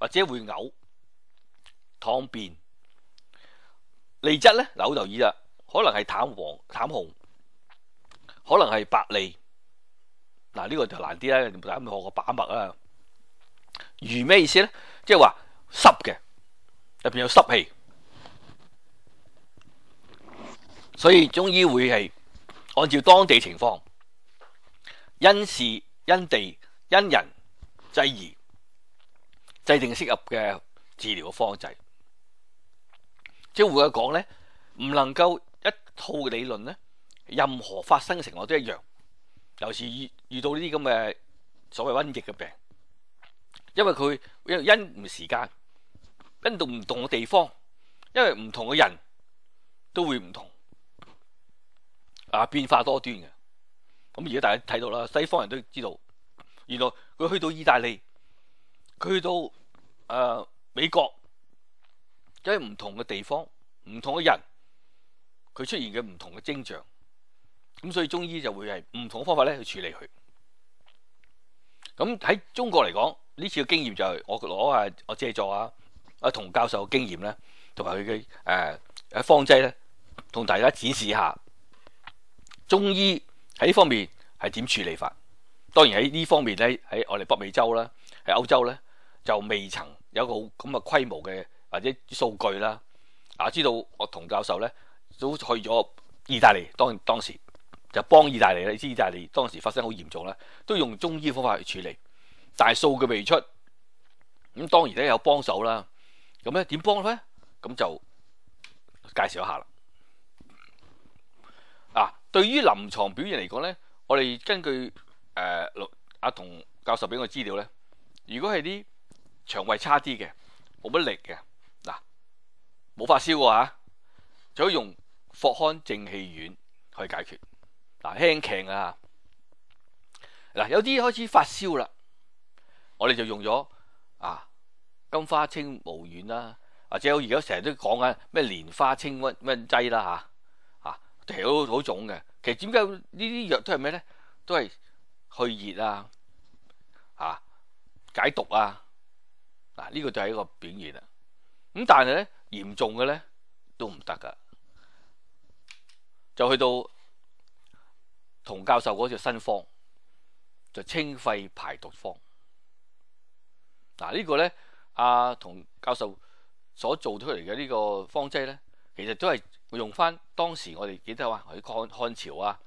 或者會嘔、溏便、膩質咧，嗱，好留意啦，可能係淡黃、淡紅，可能係白膩。嗱，呢個就難啲啦，大家咪學個把脈啦。濡咩意思咧？即係話濕嘅，入邊有濕氣，所以中醫會係按照當地情況，因時、因地、因人制宜，制定適合嘅治療嘅方劑。即係換句話講咧，唔能夠一套理論咧，任何發生情況都一樣。尤其是遇遇到呢啲咁嘅所謂瘟疫嘅病，因為佢因唔同時間，跟到唔同嘅地方，因為唔同嘅人都會唔同，啊，變化多端嘅。咁而家大家睇到啦，西方人都知道，原來佢去到意大利，佢去到誒、呃、美國，因為唔同嘅地方、唔同嘅人，佢出現嘅唔同嘅症狀。咁所以中醫就會係唔同嘅方法咧，去處理佢。咁喺中國嚟講，呢次嘅經驗就係我攞啊，我借助啊啊，童教授嘅經驗咧，同埋佢嘅誒誒方劑咧，同大家展示一下中醫喺呢方面係點處理法。當然喺呢方面咧，喺我哋北美洲啦，喺歐洲咧，就未曾有個個咁嘅規模嘅或者數據啦。啊，知道我童教授咧都去咗意大利，當當時。就幫意大利，你知意大利當時發生好嚴重啦，都用中醫方法去處理，但係數據未出。咁，當然咧有幫手啦。咁咧點幫咧？咁就介紹一下啦。嗱、啊，對於臨床表現嚟講咧，我哋根據誒阿、呃啊、同教授俾我資料咧，如果係啲腸胃差啲嘅，冇乜力嘅嗱，冇、啊、發燒㗎嚇，就可以用藿香正氣丸去解決。嗱輕輕啊，嗱有啲開始發燒啦，我哋就用咗啊金花清毛丸啦，或者我而家成日都講緊咩蓮花清瘟咩劑啦嚇，啊條好腫嘅，其實點解呢啲藥都係咩咧？都係去熱啊，嚇、啊、解毒啊，嗱、啊、呢、這個就係一個表現啦。咁但係咧嚴重嘅咧都唔得噶，就去到。同教授嗰隻新方就是，清肺排毒方嗱，這個、呢個咧，阿同教授所做出嚟嘅，呢個方劑咧，其實都係用翻當時我哋記得話係漢漢朝啊，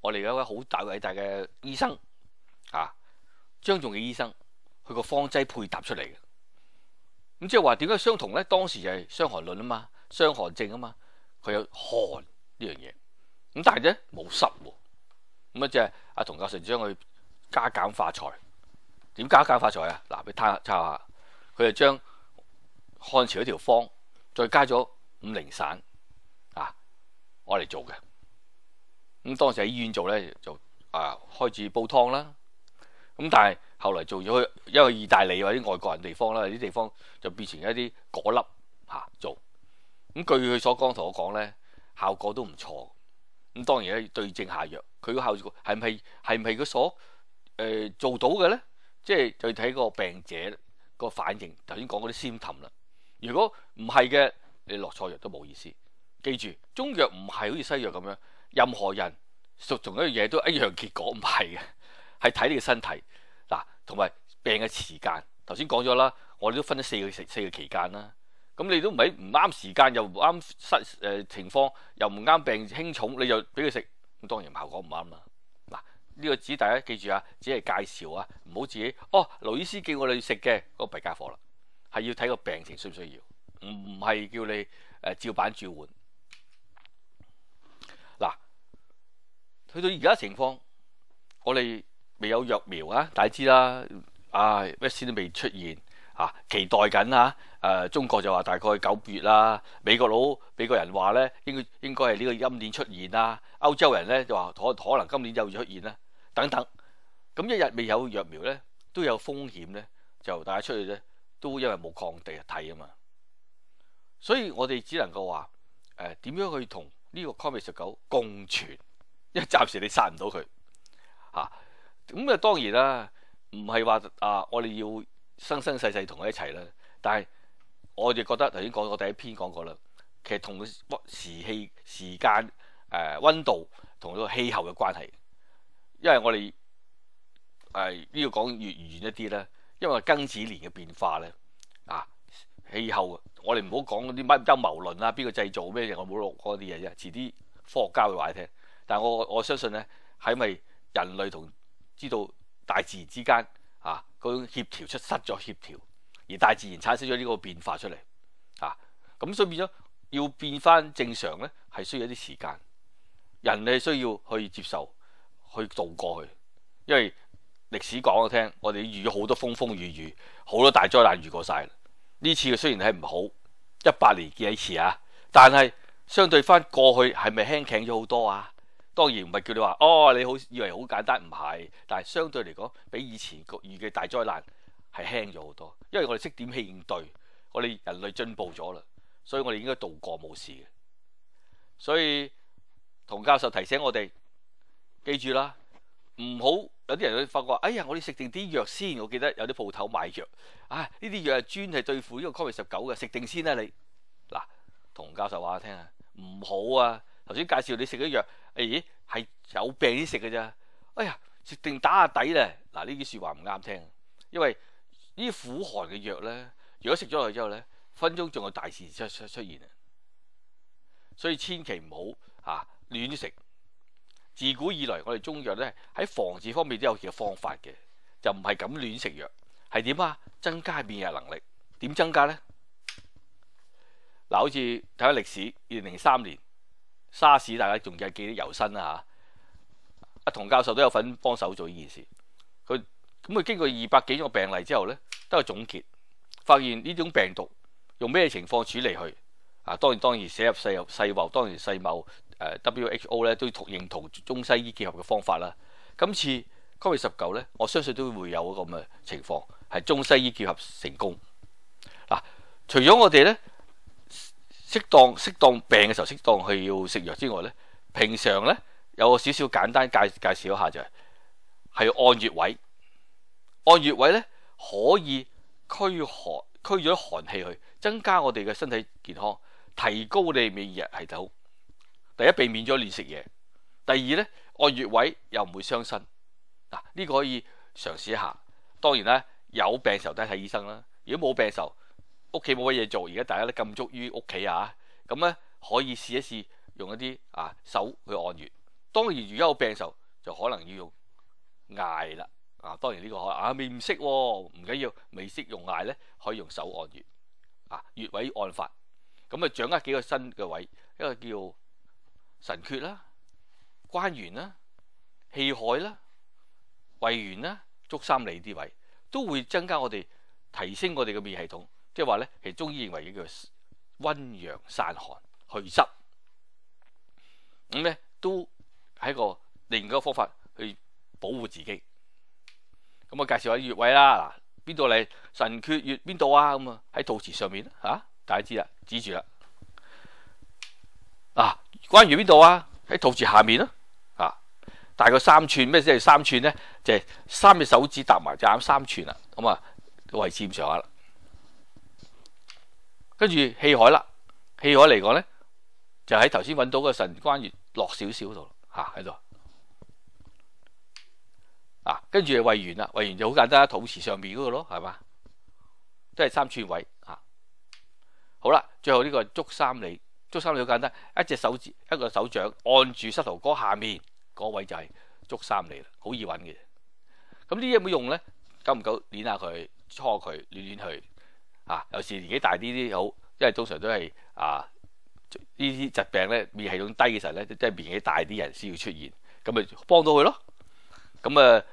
我哋有位好大偉大嘅醫生啊張仲嘅醫生佢個方劑配搭出嚟嘅，咁即係話點解相同咧？當時就係傷寒論啊嘛，傷寒症啊嘛，佢有寒呢樣嘢咁，但係咧冇濕。咁即係阿童教授將佢加減發財，點加減發財啊？嗱，你睇下抄下，佢就將漢朝嗰條方再加咗五苓散啊，我嚟做嘅。咁當時喺醫院做咧，就啊開始煲湯啦。咁但係後嚟做咗，去因為意大利或者外國人的地方啦，啲地方就變成一啲果粒嚇、啊、做。咁據佢所講同我講咧，效果都唔錯。咁當然咧，對症下藥，佢個效果係唔係係唔係佢所誒、呃、做到嘅咧？即係，就要睇個病者個反應。頭先講嗰啲先氹啦，如果唔係嘅，你落錯藥都冇意思。記住，中藥唔係好似西藥咁樣，任何人食同一樣嘢都一樣結果唔係嘅，係睇你個身體嗱，同埋病嘅時間。頭先講咗啦，我哋都分咗四個四個期間啦。咁你都唔係唔啱時間，又唔啱失情況，又唔啱病輕重，你就俾佢食，咁當然效果唔啱啦。嗱，呢、呢個只大家記住啊，只係介紹啊，唔好自己哦。勞醫師叫我哋去食嘅嗰個弊傢伙啦，係要睇個病情需唔需要，唔唔係叫你、呃、照板煮碗。嗱，去到而家情況，我哋未有疫苗啊，大家知啦、啊，啊咩先都未出現。嚇，期待緊啊！誒，中國就話大概九月啦。美國佬、美國人話咧，應該應該係呢個今年出現啦。歐洲人咧就話可可能今年又會出現啦。等等，咁一日未有疫苗咧，都有風險咧。就大家出去咧都因為冇抗體啊，睇啊嘛。所以我哋只能夠話誒點樣去同呢個 COVID 十九共存，因為暫時你殺唔到佢嚇。咁啊，當然啦，唔係話啊，我哋要。生生世世同佢一齊啦，但係我亦覺得頭先講，我第一篇講過啦，其實同時氣、時間、誒、呃、溫度同個氣候嘅關係，因為我哋誒呢個講越，越遠一啲咧，因為庚子年嘅變化咧啊氣候，我哋唔好講啲乜陰謀論啦，邊個製造咩嘢，我冇落嗰啲嘢啫，遲啲科學家會話你聽，但係我我相信咧係咪人類同知道大自然之間。啊，個協調出失咗協調，而大自然產生咗呢個變化出嚟。啊，咁所以變咗要變翻正常呢，係需要一啲時間。人類需要去接受，去度過去。因為歷史講我聽，我哋遇咗好多風風雨雨，好多大災難遇過晒。呢次佢雖然係唔好，一百年見一次啊，但係相對翻過去係咪輕輕咗好多啊？當然唔係叫你話哦，你好以為好簡單，唔係，但係相對嚟講比以前預嘅大災難係輕咗好多，因為我哋識點應對，我哋人類進步咗啦，所以我哋應該度過冇事嘅。所以同教授提醒我哋記住啦，唔好有啲人會發覺，哎呀，我哋食定啲藥先。我記得有啲鋪頭買藥，啊呢啲藥係專係對付呢個 COVID 十九嘅，食定先啦。你嗱，同教授話我聽啊，唔好啊。頭先介紹你食咗藥。哎，係有病先食嘅啫。哎呀，食定打下底啦。嗱，呢啲說話唔啱聽，因為呢啲苦寒嘅藥咧，如果食咗落去之後咧，分鐘仲有大事出出出現啊。所以千祈唔好吓亂食。自古以來，我哋中藥咧喺防治方面都有幾個方法嘅，就唔係咁亂食藥。係點啊？增加免疫能力，點增加咧？嗱，好似睇下歷史，二零零三年。沙士大家仲記唔記啲猶新啊？阿童教授都有份幫手做呢件事。佢咁佢經過二百幾個病例之後咧，都有總結，發現呢種病毒用咩情況處理去啊？當然當然寫入世世衛，當然世衛誒、呃、W H O 咧都同認同中西醫結合嘅方法啦。今次 Covid-19 咧，19, 我相信都會有一個咁嘅情況，係中西醫結合成功。嗱、啊，除咗我哋咧。適當，適當病嘅時候適當去要食藥之外呢，平常呢，有個少少簡單介介紹一下就係、係、係按穴位，按穴位呢，可以驅寒驅咗寒氣去，增加我哋嘅身體健康，提高你免疫力係就好。第一，避免咗亂食嘢，第二呢，按穴位又唔會傷身。嗱、呢、呢個可以嘗試一下。當然啦，有病嘅時候都係睇醫生啦。如果冇病嘅時候，屋企冇乜嘢做，而家大家咧禁足於屋企啊，咁咧可以試一試用一啲啊手去按穴。當然，如果有病嘅時候就可能要用艾啦。啊，當然呢個可啊未唔識喎，唔緊要，未、啊、識、啊、用艾咧可以用手按穴啊。穴位按法咁啊，掌握幾個新嘅位，一個叫神闕啦、啊、關元啦、啊、氣海啦、啊、胃元啦、啊、足三里啲位，都會增加我哋提升我哋嘅免疫系統。即係話咧，其實中醫認為呢叫溫陽散寒、祛濕，咁咧都係一個另一個方法去保護自己。咁我介紹下穴位啦，嗱，邊度嚟？神闕穴邊度啊？咁啊，喺肚臍上面吓、啊，大家知啦，指住啦。嗱、啊，關元邊度啊？喺肚臍下面咯，啊，大概三寸，咩即係三寸咧？就係、是、三隻手指搭埋就啱、是、三寸啦。咁啊，個位置咁上下啦。跟住氣海啦，氣海嚟講咧，就喺頭先揾到嗰個神闕穴落少少度吓喺度啊！跟住、啊、胃完啦，胃完就好簡單，肚臍上面嗰、那個咯，係嘛？都係三寸位、啊、好啦，最後呢個足三里。足三里好簡單，一隻手指一個手掌按住膝頭哥下面嗰、那個、位就係足三里啦，好易揾嘅。咁呢啲有冇用咧？夠唔夠捏下佢，搓佢，攣攣去。啊！有時年紀大啲啲好，因為通常都係啊呢啲疾病咧免疫系統低嘅時候咧，即係年紀大啲人先會出現，咁咪幫到佢咯。咁、啊、誒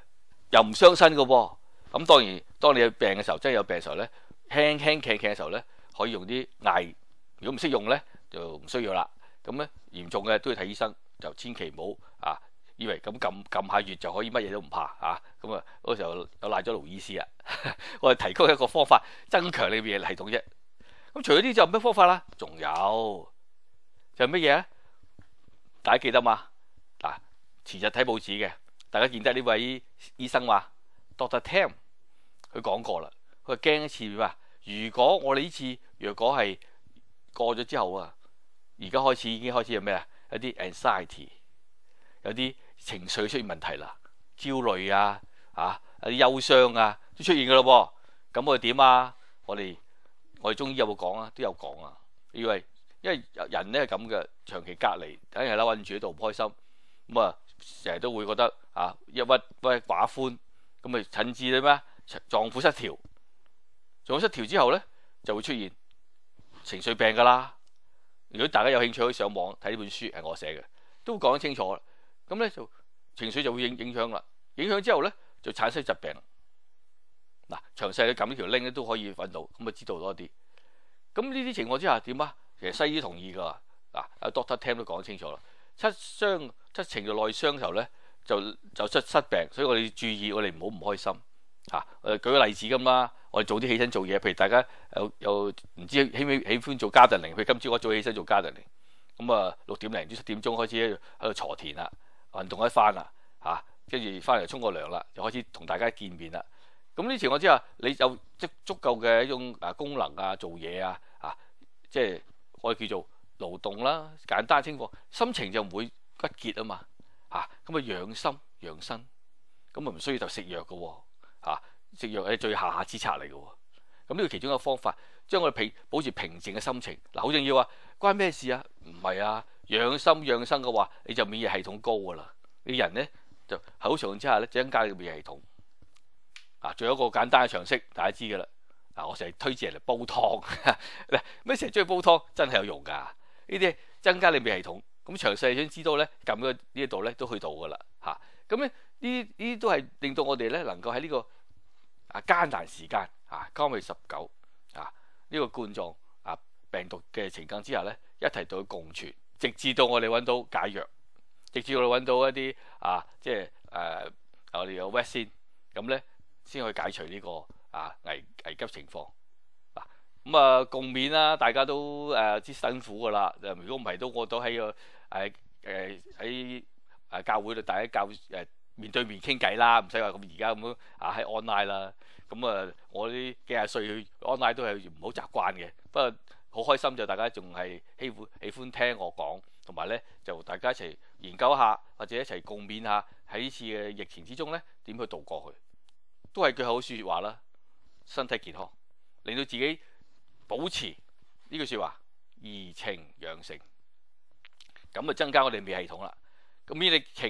又唔傷身嘅噃、啊。咁、啊、當然，當你有病嘅時候，真係有病嘅時候咧，輕輕咳咳嘅時候咧，可以用啲艾。如果唔識用咧，就唔需要啦。咁咧嚴重嘅都要睇醫生，就千祈唔好啊。以為咁撳撳下穴就可以乜嘢都唔怕啊！咁啊，嗰時候我賴咗勞醫師啊，我哋 提供一個方法，增強你嘅系統啫。咁除咗啲就咩方法啦？仲有就係乜嘢啊？大家記得嘛？嗱，前日睇報紙嘅，大家見得呢位醫，醫生話 Doctor Tam，佢講過啦，佢驚一次嘛。如果我哋呢次若果係過咗之後啊，而家開始已經開始有咩啊？有啲 anxiety，有啲。情緒出現問題啦，焦慮啊，啊啲、啊、憂傷啊都出現㗎咯噃。咁我哋點啊？我哋我哋中醫有冇講啊？都有講啊。以為因為人咧係咁嘅，長期隔離，梗係啦，韞住喺度唔開心，咁啊成日都會覺得啊鬱鬱寡歡，咁啊甚至啲咩臟腑失調，臟腑失調之後咧就會出現情緒病㗎啦。如果大家有興趣，可以上網睇呢本書係我寫嘅，都講得清楚了。咁咧就情緒就會影影響啦，影響之後咧就產生疾病嗱、啊，詳細你撳呢條 link 咧都可以揾到，咁啊知道多啲。咁呢啲情況之下點啊？其實西醫同意噶，嗱、啊、阿、啊、Doctor Tim 都講清楚啦。七傷七情嘅內傷時候咧，就就出失病，所以我哋注意我哋唔好唔開心、啊，我哋唔好唔開心嚇。我哋舉個例子咁啦，我哋早啲起身做嘢，譬如大家有有唔知喜唔喜歡做 gardening，譬如今朝我早起身做 gardening，咁啊六點零至七點鐘開始喺度鋤田啦。運動一翻啦，嚇、啊，跟住翻嚟沖個涼啦，就開始同大家見面啦。咁呢情況之下，你有即足夠嘅一種啊功能啊，做嘢啊，啊，即係我哋叫做勞動啦、啊，簡單情況。心情就唔會鬱結啊嘛，嚇、啊，咁啊養心養身，咁啊唔需要就食藥嘅喎、啊，食、啊、藥係最下下之策嚟嘅喎。咁呢個其中一個方法，將我哋平保持平靜嘅心情，嗱、啊、好重要啊，關咩事啊？唔係啊。養心養生嘅話，你就免疫系統高噶啦。你人咧就好常之下咧，增加你免疫系統啊。仲有一個簡單嘅常識，大家知噶啦。嗱、啊，我成日推薦人嚟煲湯咩，成日中意煲湯，真係有用噶。呢啲增加你免疫系統。咁詳細想知道咧，撳呢呢一度咧都去到噶啦嚇。咁咧呢呢都係令到我哋咧能夠喺呢個啊艱難時間啊，COVID 19啊呢、這個冠狀啊病毒嘅情境之下咧，一齊到共存。直至到我哋揾到解藥，直至我哋揾到一啲啊，即係誒、啊，我哋有 vaccine 咁咧先可以解除呢、呢個啊危危急情況。嗱、啊，咁啊共勉啦、啊，大家都誒啲、啊、辛苦㗎啦、啊。如果唔係都我都喺個誒誒喺誒教會度大家教誒面對面傾偈啦，唔使話咁而家咁啊喺 online 啦。咁啊，我啲幾廿歲去 online 都係唔好習慣嘅，不過。好開心就大家仲係喜歡喜歡聽我講，同埋咧就大家一齊研究下，或者一齊共勉下喺呢次嘅疫情之中咧點去度過去，都係句好説話啦。身體健康，令到自己保持呢句説話，怡情養性，咁啊增加我哋免疫系統啦。咁免疫力強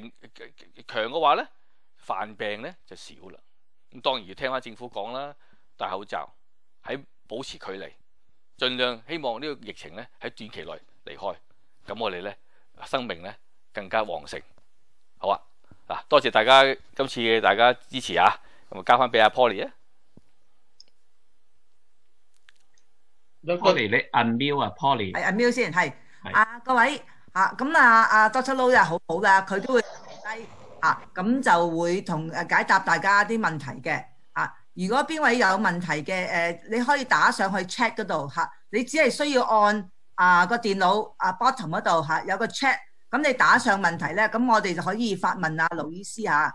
強嘅話咧，犯病咧就少啦。咁當然要聽翻政府講啦，戴口罩，喺保持距離。盡量希望呢個疫情咧喺短期內離開，咁我哋咧生命咧更加旺盛。好啊，嗱，多謝大家今次嘅大家支持啊，咁啊交翻俾阿 Polly 啊。咁 Polly，你阿 Miu 啊，Polly。係阿 Miu 先，係。係。啊各位嚇，咁啊啊阿 Doctor Lo 又好好噶，佢都會留低嚇，咁就會同誒解答大家啲問題嘅。如果邊位有問題嘅誒，你可以打上去 check 嗰度嚇。你只係需要按啊、嗰個電腦啊 bottom 嗰度嚇，有個 check。咁你打上問題咧，咁我哋就可以發問阿勞醫師嚇。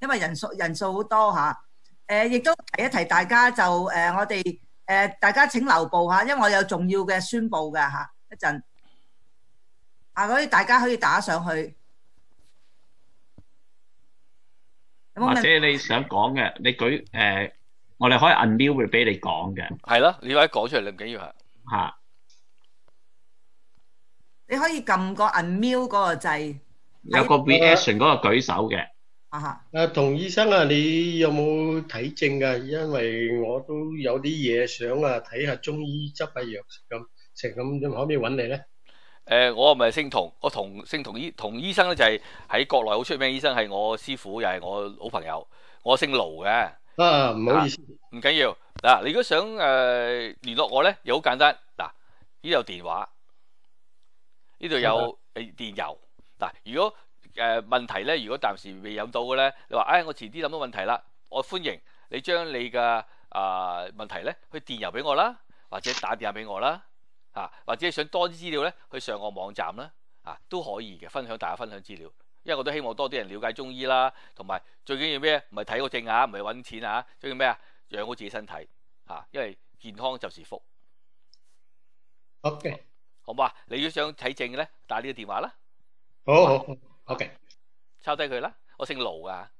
因為人數人數好多嚇，誒、啊、亦都提一提大家就誒、啊、我哋誒、啊、大家請留步嚇、啊，因為我有重要嘅宣佈嘅嚇，一陣啊嗰啲大家可以打上去。或者你想講嘅，你舉誒，我哋可以 unmute 俾你講嘅。係咯，你可以講出嚟，你唔緊要啊。吓，你可以撳個 unmute 嗰個掣，有個 reaction 嗰個舉手嘅。啊哈。誒，同醫生啊，你有冇睇症噶？因為我都有啲嘢想啊，睇下中醫執下藥食咁食咁，可唔可以搵你咧？誒、呃，我咪姓童？我同姓童醫，童醫生咧就係喺國內好出名醫生，係我師傅，又係我好朋友。我姓盧嘅，啊唔好意思，唔緊要嗱。你如果想誒、呃、聯絡我咧，又好簡單嗱，呢、啊、度電話，呢度有電郵嗱、啊。如果誒、呃、問題咧，如果暫時未有到嘅咧，你話唉、哎，我遲啲諗到問題啦，我歡迎你將你嘅啊、呃、問題咧去電郵俾我啦，或者打電話俾我啦。啊，或者想多啲資料咧，去上個網站啦，啊都可以嘅，分享大家分享資料，因為我都希望多啲人了解中醫啦，同埋最緊要咩？唔係睇個證啊，唔係揾錢啊，最緊要咩啊？養好自己身體，嚇、啊，因為健康就是福。OK，好唔好啊？你要想睇證咧，打呢個電話啦。好好好，OK，抄低佢啦，我姓盧㗎啊。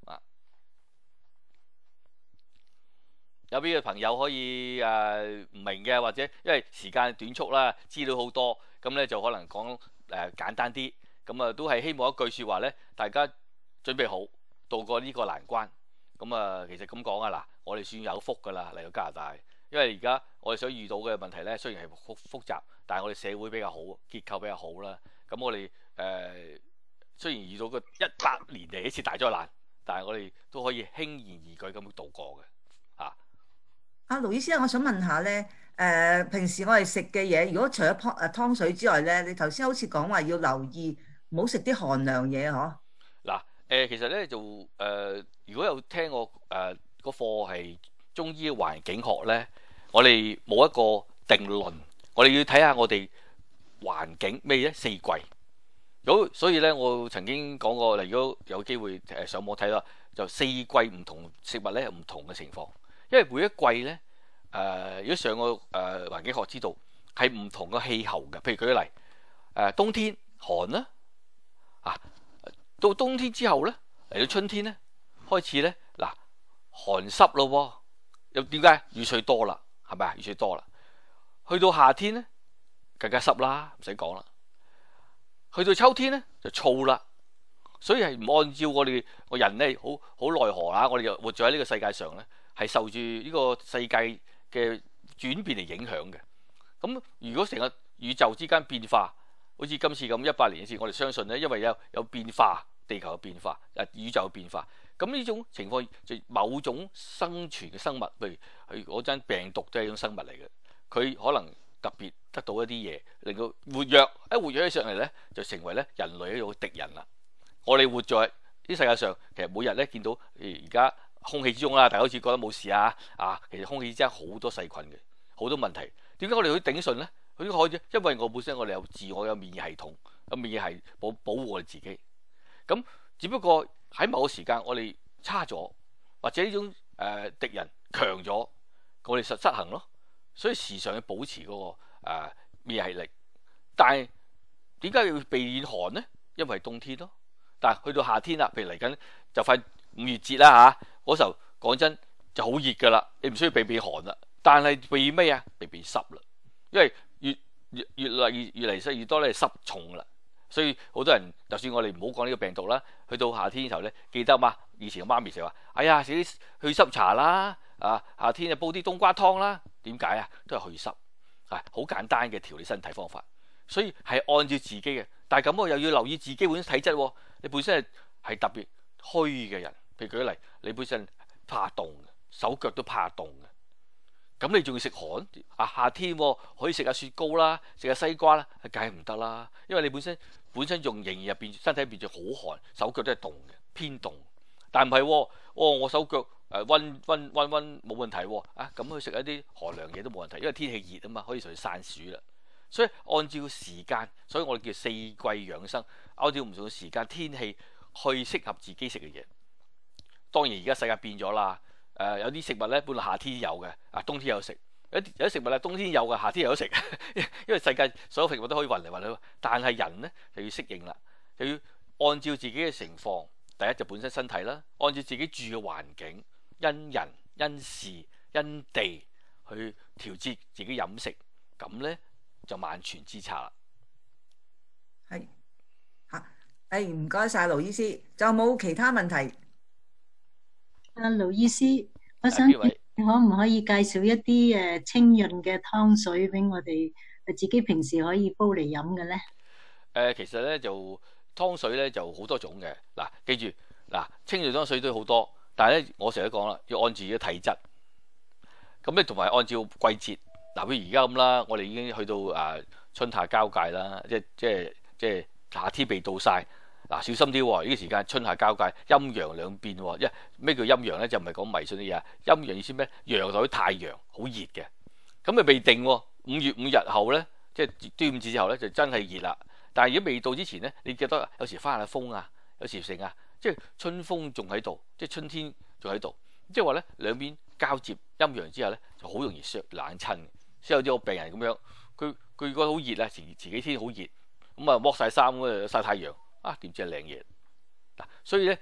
有邊個朋友可以誒唔、呃、明嘅，或者因為時間短促啦，資料好多咁呢，就可能講誒、呃、簡單啲咁啊，都係希望一句説話呢，大家準備好渡過呢個難關咁啊、嗯。其實咁講啊，嗱，我哋算有福㗎啦，嚟到加拿大，因為而家我哋所遇到嘅問題呢，雖然係複複雜，但係我哋社會比較好，結構比較好啦。咁我哋誒、呃、雖然遇到個一百年嚟一次大災難，但係我哋都可以輕而易舉咁渡過嘅嚇。啊阿盧醫師，我想問下咧，誒，平時我哋食嘅嘢，如果除咗湯誒湯水之外咧，你頭先好似講話要留意，唔好食啲寒涼嘢嗬？嗱，誒，其實咧就誒，如果有聽過誒個課係中醫環境學咧，我哋冇一個定論，我哋要睇下我哋環境咩嘢咧？四季，好，所以咧我曾經講過，嗱，如果有機會誒上網睇啦，就四季唔同食物咧唔同嘅情況。因為每一季咧，誒、呃，如果上個誒環境學知道係唔同嘅氣候嘅。譬如舉例誒、呃，冬天寒啦啊，到冬天之後咧，嚟到春天咧，開始咧嗱寒濕咯，又點解雨水多啦？係咪啊？雨水多啦。去到夏天咧，更加濕啦，唔使講啦。去到秋天咧，就燥啦。所以係唔按照我哋個人咧，好好奈何啦。我哋活在喺呢個世界上咧。係受住呢個世界嘅轉變嚟影響嘅。咁如果成個宇宙之間變化，好似今次咁一百年前，我哋相信咧，因為有有變化，地球有變化，誒、呃、宇宙有變化。咁呢種情況，就某種生存嘅生物，譬如嗰陣、那個、病毒都係一種生物嚟嘅，佢可能特別得到一啲嘢，令到活躍一活躍起上嚟咧，就成為咧人類一個敵人啦。我哋活在呢世界上，其實每日咧見到而家。空氣之中啦，大家好似覺得冇事啊！啊，其實空氣之中好多細菌嘅，好多問題。點解我哋會頂順咧？佢都可以，因為我本身我哋有自我有免疫系統，個免疫系保保護我哋自己。咁只不過喺某個時間我哋差咗，或者呢種誒敵人強咗，我哋就失衡咯。所以時常要保持嗰、嗰個、呃、免疫力。但係點解要避寒咧？因為冬天咯。但係去到夏天啦，譬如嚟緊就快。五月節啦吓，嗰時候講真就好熱㗎啦，你唔需要避避寒啦，但係避咩啊？避避濕啦，因為越越越嚟越越嚟越多咧濕重啦，所以好多人就算我哋唔好講呢個病毒啦，去到夏天嘅時候咧，記得嘛，以前媽咪成日話，哎呀，食啲去濕茶啦，啊，夏天就煲啲冬瓜湯啦。點解啊？都係去濕，啊，好簡單嘅調理身體方法。所以係按照自己嘅，但係咁我又要留意自己本身體質喎。你本身係係特別虛嘅人。譬如舉例，你本身怕凍，手腳都怕凍嘅，咁你仲要食寒啊？夏天、哦、可以食下雪糕啦，食下西瓜啦，梗係唔得啦。因為你本身本身仲仍然入邊身體變咗好寒，手腳都係凍嘅，偏凍。但唔係喎，我手腳誒温温温温冇問題喎、哦、啊！咁去食一啲寒涼嘢都冇問題，因為天氣熱啊嘛，可以上去散暑啦。所以按照時間，所以我哋叫四季養生，按照唔同嘅時間天氣去適合自己食嘅嘢。當然，而家世界變咗啦。誒，有啲食物咧，本來夏天有嘅，啊冬天有食；有啲有啲食物咧，冬天有嘅，夏天有食。因為世界所有食物都可以運嚟運去，但係人咧就要適應啦，就要按照自己嘅情況。第一就本身身體啦，按照自己住嘅環境，因人因時因地去調節自己飲食，咁咧就萬全之策啦。係嚇，誒唔該晒，勞醫師，仲有冇其他問題？阿勞醫師，我想你可唔可以介紹一啲誒清潤嘅湯水俾我哋，自己平時可以煲嚟飲嘅咧？誒、呃，其實咧就湯水咧就好多種嘅，嗱記住，嗱清潤湯水都好多，但係咧我成日都講啦，要按照嘅體質，咁咧同埋按照季節，嗱譬如而家咁啦，我哋已經去到誒、啊、春夏交界啦，即即即夏天未到晒。嗱，小心啲喎！呢個時間春夏交界，陰陽兩變。一咩叫陰陽咧？就唔係講迷信啲嘢。陰陽意思咩？陽就係太陽，好熱嘅。咁啊未定五月五日後咧，即係端午節之後咧，就真係熱啦。但係如果未到之前咧，你記得有時翻下風啊，有時剩啊，即係春風仲喺度，即係春天仲喺度，即係話咧兩邊交接陰陽之後咧，就好容易削冷親。所以有啲病人咁樣，佢佢覺得好熱啊，前前幾天好熱咁啊，剝晒衫啊，曬太陽。啊點知係靚嘢嗱。所以咧，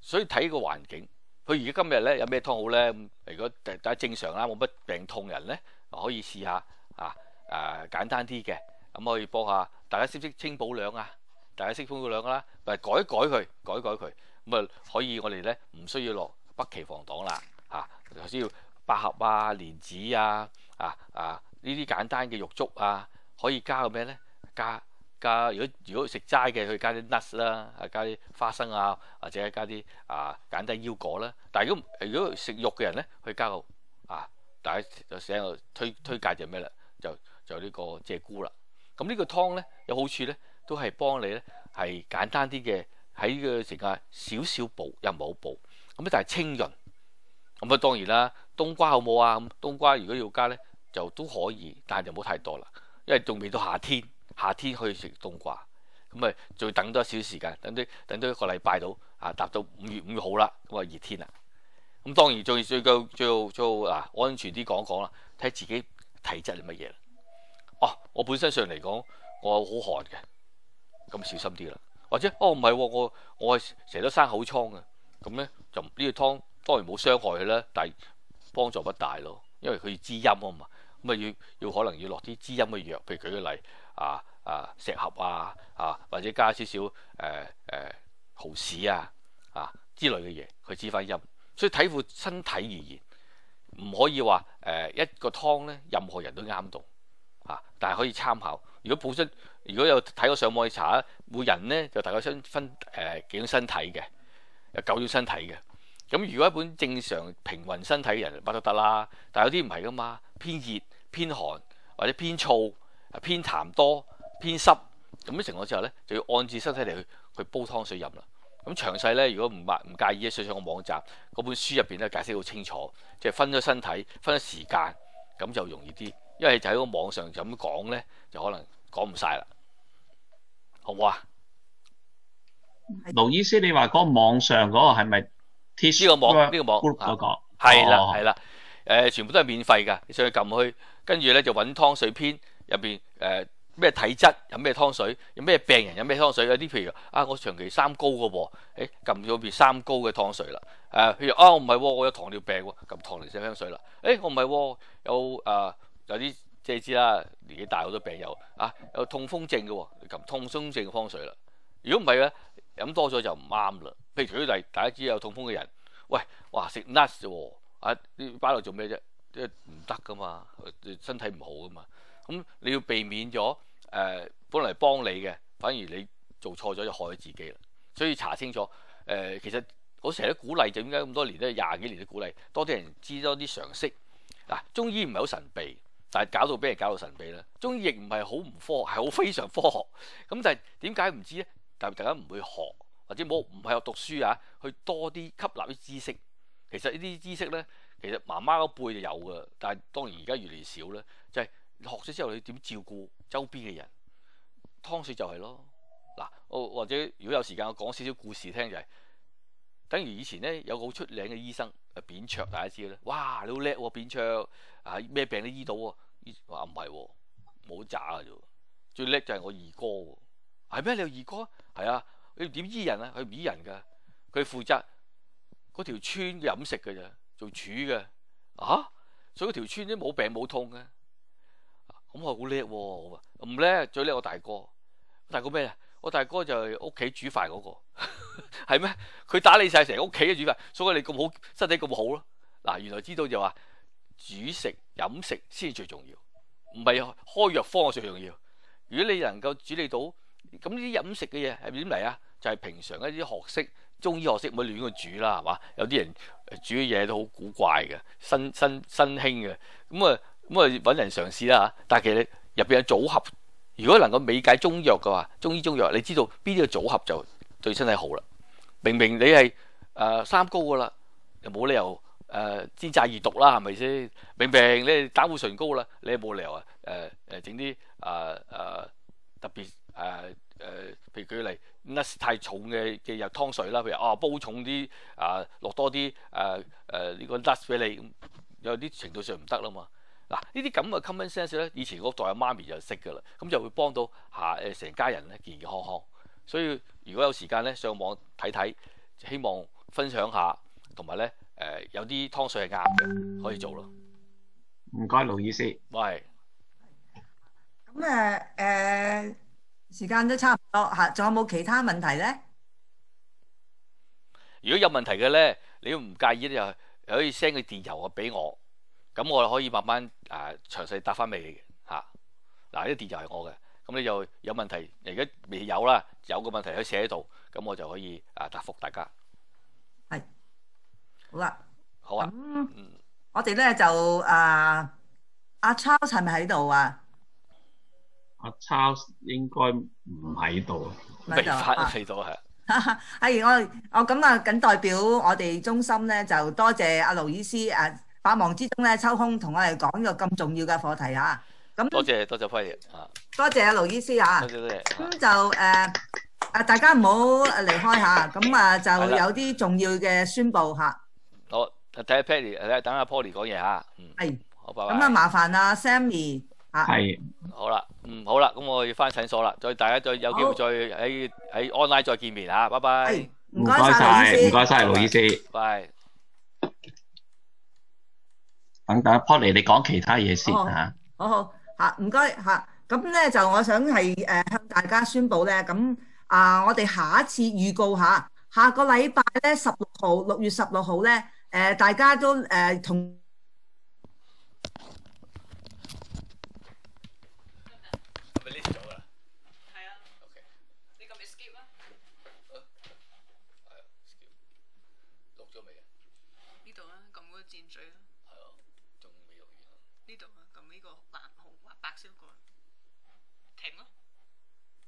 所以睇個環境，佢而家今日咧有咩湯好咧？如果第大家正常啦，冇乜病痛人咧，可以試下啊，誒、啊、簡單啲嘅，咁可以煲下。大家識唔識清補涼啊？大家識補涼啦，咪改改佢，改改佢，咁啊可以我哋咧唔需要落北芪防黨啦嚇，先要百合啊、蓮、啊、子啊、啊啊呢啲簡單嘅玉竹啊，可以加個咩咧？加加如果如果食齋嘅，去加啲 nuts 啦，啊加啲花生啊，或者加啲啊，揀啲腰果啦。但係如果如果食肉嘅人咧，去加個啊，大家就想我推推介就咩啦？就就個個呢個謝菇啦。咁呢個湯咧有好處咧，都係幫你咧係簡單啲嘅，喺呢個時間少少補又唔好補，咁咧就係清潤。咁啊當然啦，冬瓜好冇啊，冬瓜如果要加咧就都可以，但係就唔好太多啦，因為仲未到夏天。夏天可以食冬瓜，咁咪再等多少時間，等啲等多一個禮拜到啊，達到五月五號啦，咁啊熱天啦。咁當然最最好最最啊安全啲講講啦，睇下自己體質係乜嘢啦。哦、啊，我本身上嚟講我好寒嘅，咁小心啲啦。或者哦唔係我我係成日都生口瘡嘅，咁咧就呢個、這個、湯當然冇傷害佢啦，但係幫助不大咯，因為佢滋陰啊嘛，咁啊要要可能要落啲滋陰嘅藥，譬如舉個例。啊啊石斛啊啊或者加少少誒誒蠔豉啊啊之類嘅嘢去滋翻陰，所以睇乎身體而言，唔可以話誒、呃、一個湯咧任何人都啱到嚇，但係可以參考。如果本身如果有睇我上網去查，每人咧就大概分分誒、呃、幾種身體嘅，有九種身體嘅。咁如果一本正常平穩身體嘅人乜都得啦，但係有啲唔係噶嘛，偏熱、偏寒或者偏燥。偏痰多、偏濕咁啲情況之下咧，就要按住身體嚟去去煲湯水飲啦。咁詳細咧，如果唔埋唔介意咧，水上上個網站嗰本書入邊咧解釋好清楚，即係分咗身體、分咗時間，咁就容易啲。因為就喺個網上就咁講咧，就可能講唔晒啦，好唔好啊？勞醫師，你話嗰網上嗰個係咪鐵書嘅網？呢個網？係啦係啦，誒、呃、全部都係免費㗎。你上去撳去，跟住咧就揾湯水篇。入邊誒咩體質飲咩湯水，有咩病人飲咩湯水？有啲譬如啊，我長期三高嘅噃、啊，誒撳咗入邊三高嘅湯水啦。誒、啊、譬如啊，我唔係喎，我有糖尿病喎、啊，撳糖尿病湯水啦、啊。誒、欸、我唔係喎，有啊有啲即係知啦，年紀大好多病友，啊，有痛風症嘅喎、啊，撳痛風症嘅湯水啦。如果唔係咧，飲多咗就唔啱啦。譬如舉例，大家知有痛風嘅人，喂話食 nuts 喎、啊，啊你呢班嚟做咩啫？即係唔得噶嘛，身體唔好噶嘛。咁你要避免咗誒、呃，本嚟幫你嘅，反而你做錯咗就害咗自己啦。所以查清楚、呃、其實我成日都鼓勵，就點解咁多年咧，廿幾年都鼓勵多啲人知多啲常識嗱、啊，中醫唔係好神秘，但係搞到俾人搞到神秘啦。中醫亦唔係好唔科學，係好非常科學咁，但係點解唔知咧？但係大家唔會學或者冇，唔係學讀書啊，去多啲吸納啲知識。其實呢啲知識咧，其實媽媽嗰輩就有噶，但係當然而家越嚟越少啦。就係、是。學咗之後，你點照顧周邊嘅人？湯水就係咯。嗱，或者如果有時間，我講少少故事聽就係、是，等於以前咧有個好出名嘅醫生，誒扁鵲大家知啦。哇，你好叻喎，扁鵲啊，咩病都醫到喎、啊。話唔係喎，冇渣嘅啫。最叻就係我二哥喎、啊，係咩？你有二哥？係啊，你點醫人啊？佢唔醫人㗎，佢負責嗰條村嘅飲食㗎咋，做廚嘅。啊？所以嗰條村啲冇病冇痛嘅。咁我好叻喎，唔叻、啊啊、最叻我大哥，大哥咩啊？我大哥就係屋企煮飯嗰、嗰個，係咩？佢打理晒成屋企嘅煮飯，所以你咁好身體咁好咯。嗱、啊，原來知道就話煮食飲食先最重要，唔係開藥方最重要。如果你能夠處理到，咁呢啲飲食嘅嘢係點嚟啊？就係、是、平常一啲學識中醫學識，唔好亂去煮啦，係嘛？有啲人煮嘅嘢都好古怪嘅，新新新興嘅，咁啊。咁啊，揾人嘗試啦嚇。但係其實入邊有組合，如果能夠理解中藥嘅話，中醫中藥你知道邊啲嘅組合就對身體好啦。明明你係誒、呃、三高噶啦，又冇理由誒、呃、煎炸熱毒啦，係咪先？明明你係膽固醇高啦，你冇理由誒誒整啲誒誒特別誒誒，譬、呃呃、如佢嚟 nuts 太重嘅嘅藥湯水啦，譬如哦、啊、煲重啲啊，落多啲誒誒呢個 nuts 俾你，有啲程度上唔得啦嘛。嗱，呢啲咁嘅 common sense 咧，以前嗰代阿媽咪就識噶啦，咁就會幫到下誒成家人咧，健健康康。所以如果有時間咧，上網睇睇，希望分享下，同埋咧誒有啲、呃、湯水係啱嘅，可以做咯。唔該，勞醫師。喂是，咁誒誒時間都差唔多，嚇，仲有冇其他問題咧？如果有問題嘅咧，你唔介意咧，又可以 send 個電郵啊俾我。咁我哋可以慢慢啊詳細答翻俾你嘅嚇。嗱呢啲就係我嘅，咁你就有問題，而家未有啦，有個問題可以寫喺度，咁我就可以啊答覆大家。係，好啦，好啊。我哋咧就啊，阿超係咪喺度啊？阿、啊、超、啊、應該唔喺度，未返喺度係。哈我我咁啊，僅、啊啊、 代表我哋中心咧，就多謝阿勞醫師啊。百忙之中咧，抽空同我哋講個咁重要嘅課題啊！咁多謝多謝惠光啊！多謝阿勞醫師啊！多謝多謝。咁就誒誒，大家唔好離開吓，咁啊就有啲重要嘅宣佈吓。好，睇下 Paddy，睇下等阿 Polly 講嘢吓。嗯，係。好，拜拜。咁啊，麻煩啦 Sammy 吓。係。好啦，嗯，好啦，咁我要返診所啦，再大家再有機會再喺喺 online 再見面吓，拜拜。唔該晒，勞醫師。唔該晒，勞醫師。拜。等等，Poly，你講其他嘢先吓。好好吓，唔該吓。咁咧就我想係誒向大家宣布咧，咁啊我哋下一次預告吓，下個禮拜咧十六號六月十六號咧，誒大家都誒、呃、同。